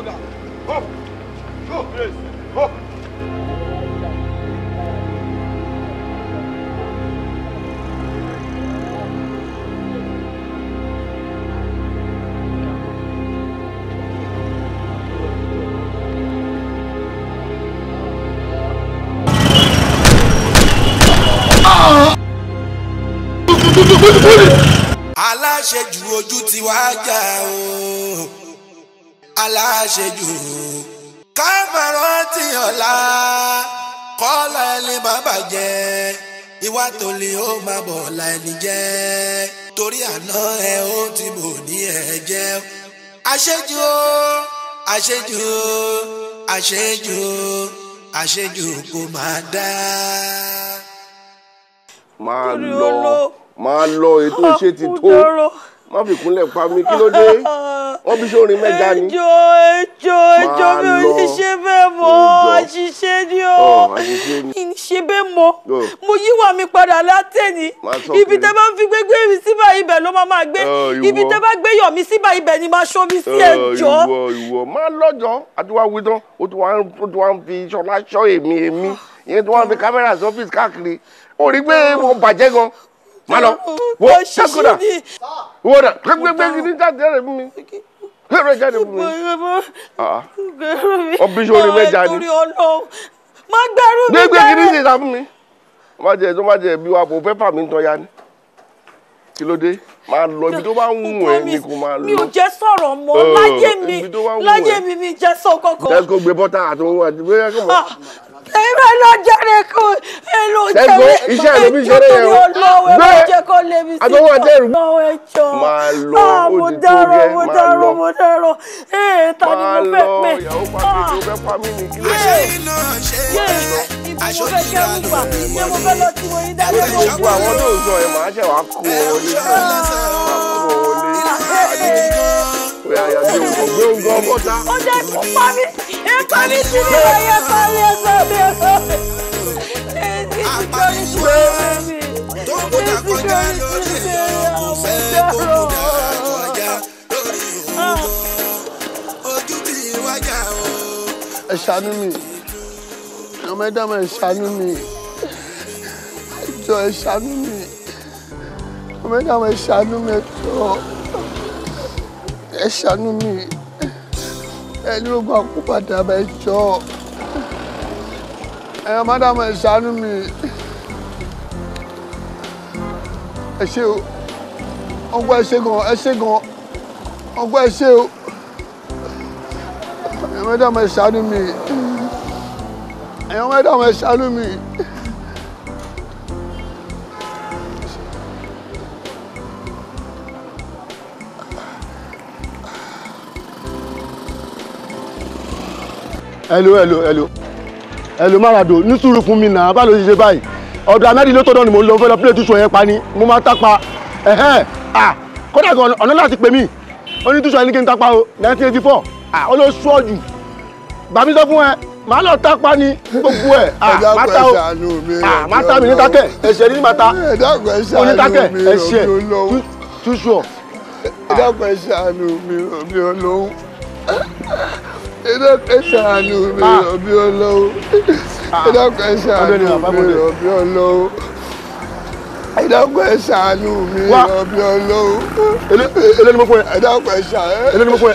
now! Go! Go! Yes! Go! aláṣejù ojú ti wá jà o aláṣejù kámẹ́rán ti ọ̀la kọ́lá ẹni má bàjẹ́ ìwà tó lè ó má bọ̀ ọ̀la ẹni jẹ́ torí àná ẹ ó ti bò ní ẹ jẹ́ àṣejù o àṣejù o àṣejù o àṣejù kò má dáa. máa lọ máa lọ ètò ìṣe ah, ti tó má fi kúnlẹ̀ pa mí kí ló dé ah, wọ́n bí sórin mẹ́ta ni. ẹjọ́ ẹjọ́ ẹjọ́ mi ò ní ṣe bẹ́ẹ̀ mọ́ àṣìṣe ni ó ní ṣe bẹ́ẹ̀ mọ́ mo yíwà mi padà látẹ̀ni ibi tẹ́ bá ń fi gbégbé mi síbà ibẹ̀ ló máa máa gbé ibi tẹ́ bá gbé yọ̀ mi síbà ibẹ̀ ni máa ṣomi sí ẹjọ́. ìwọ lọ́jọ́ adúwáwí tán ó ti wá ń fi ṣọlá ṣọ́ èmi èmi ìyẹn tí wọ́n fi ah. kámẹ́rà sọ́fíìsì káàkiri ó rí pé mo bàjẹ́ gan má lọ wo kakoda wo da gbẹgbẹ gidi jáde rẹ mi rẹ jáde mi ọbí sori mẹja ni gbẹgbẹ gidi ṣe ta fún mi má jẹ tó má jẹ bí wa bò fẹ́ fà mí ń tọ́ ya ni kí ló dé máa lọ ibi tó bá ń wù ẹ ni kò máa lọ. mi ò jẹ́ sọ̀rọ̀ mọ́ láyé oh, mi láyé mi mi jẹ́ sọ kọ́kọ́. jẹ́ kó gbé bọ́tà àti owó àti bóyá kò mọ̀ ìwé lọ jẹrẹ kó èlò jẹrẹ iṣẹ ìlú bí ṣeré yẹn o gbé àtọwọ àtẹrù máa lọ ó ti tó gẹ máa lọ máa lọ mo dárò mo dárò ee ta ni mo fẹ́ pé ìyàwó pàmì tó fẹ́ pàmì ní kí ló dé aṣọ ìjà ló ń bẹ mo fẹ́ lọ tí mo yín dájú mo gbọ́ àwọn tó ń sọ ẹ máa ṣe wàá kó o ní kó o ní àdéhùn. Oya ya mi o gbe o gbe ọkọta. Ó jẹ́ mi, ẹ pa mi sí mi. mi, ọmọ ẹ ṣàánú mi ẹ ní ogun àkópàdà ẹ jọ ẹ mádàmù ẹ ṣàánú mi ẹ ṣe o ọgbọ́n ẹ ṣe gan ẹ ṣe gan ọgbọ́n ẹ ṣe o ẹ mádàmù ẹ ṣàánú mi ẹ mádàmù ẹ ṣàánú mi. hello hello hello hello marado ní sùúrù fún mi náà báwo ló ṣe ṣe báyìí ọ̀dọ̀ amẹ́rì ló tọ́dọ̀ ni mo ń lọ fẹ́ lọ pílẹ̀tì ṣùgbọ́n yẹn pa ni mo máa tápa ẹ̀hẹ́n ah kódà gan ọ̀nà láti pè mí ó ní túṣọ ẹni kí n tápa o 1984 ah ó ló sọ jù bàbí sọ fún ẹ màá lọ ni gbogbo ẹ ah má o ah má ta mi ní takẹ ẹsẹ ní màta ó ní takẹ ẹsẹ túṣọ. ẹ dákun ẹ ṣàánú mi ò mi ò lóhùn ẹ̀dọ́kẹ́ ṣàánú mi ah. ọbí ọlọ́wọ́ ah. ẹ̀dọ́kẹ́ ṣàánú mi ọbí ọlọ́wọ́ ẹ̀dọ́kẹ́ ṣàánú mi ọbí ọlọ́wọ́ ẹ̀dọ́kẹ́ ṣàánú mi ọbí ọlọ́wọ́.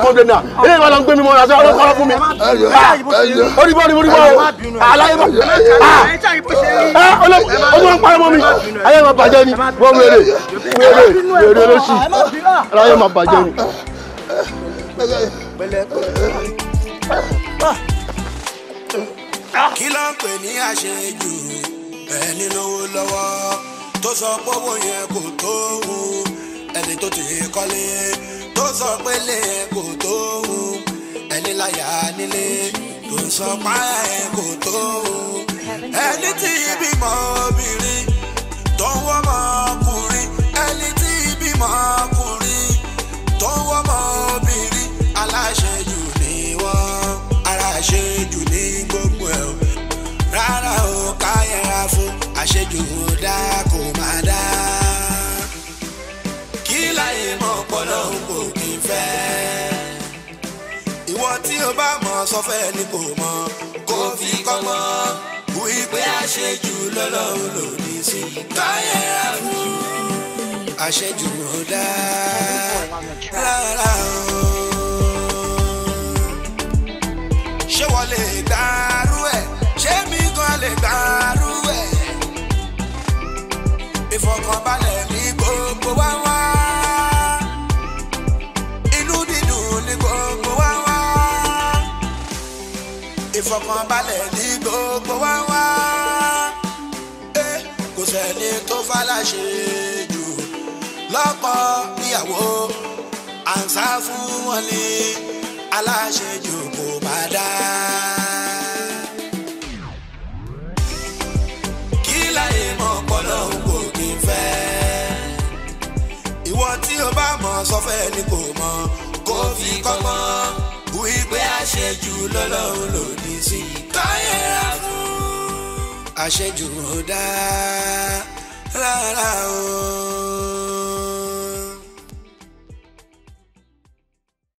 àkọ́gbé mi à ilé ìwà lọ ń gbé mi mọ́ ọ̀rọ̀ àti ọlọ́pàá fún mi. oríbọ̀ oríbọ̀ oríbọ̀ aláyé bọ̀ olóhùn parẹ́ mọ́ mi ayé máa bàjẹ́ ni wọ́n wéré wéré wéré lóṣù aláyé máa bàjẹ́ ni. kí ló ń pè ní àṣejù ẹni lówó lọ́wọ́ tó sọ pé owó yẹn kò tó wù ẹni tó ti kọ́lé tó sọ pé lè e kò tó òun ẹni láyà nílé tó sọ pa ẹ kò tó òun ẹni tí bímọ obìnrin tó ń wọ́mọ ọkùnrin ẹni tí bímọ ọkùnrin tó ń wọ́mọ obìnrin aláṣejù ni wọ́n aláṣejù ni gbogbo ẹ̀ o rárá o ká yẹra fún àṣejù ò kò má dáa láyé mọ́ ọpọlọ kò kí n fẹ́. ìwọ tí o bá mọ̀ sọfẹ́ ni kò mọ̀ kó fi kọ́mọ́ wípé àṣejù lọ́lọ́run ló ní sí káyẹ̀rẹ́ fún àṣejù ló dá rárá o. ṣé wọ́n lè dàrú ẹ̀ ṣé mi gan lè dàrú ẹ̀ ìfọkànbalẹ̀ ní gbogbo wá wá. ìfọkànbalẹ̀ ní gbogbo wa wá kò sẹ́ni tó fàlàṣe jù lọ́pọ̀ níyàwó à ń fún wọn ní aláṣejù kò bá dáa. sọ fẹ́ ni kò mọ̀ kó fi kọ́gbọ́n wípé àṣejù lọ́lọ́run lòdì sí báyẹ̀rá fún. àṣejù ò dáa rárá o.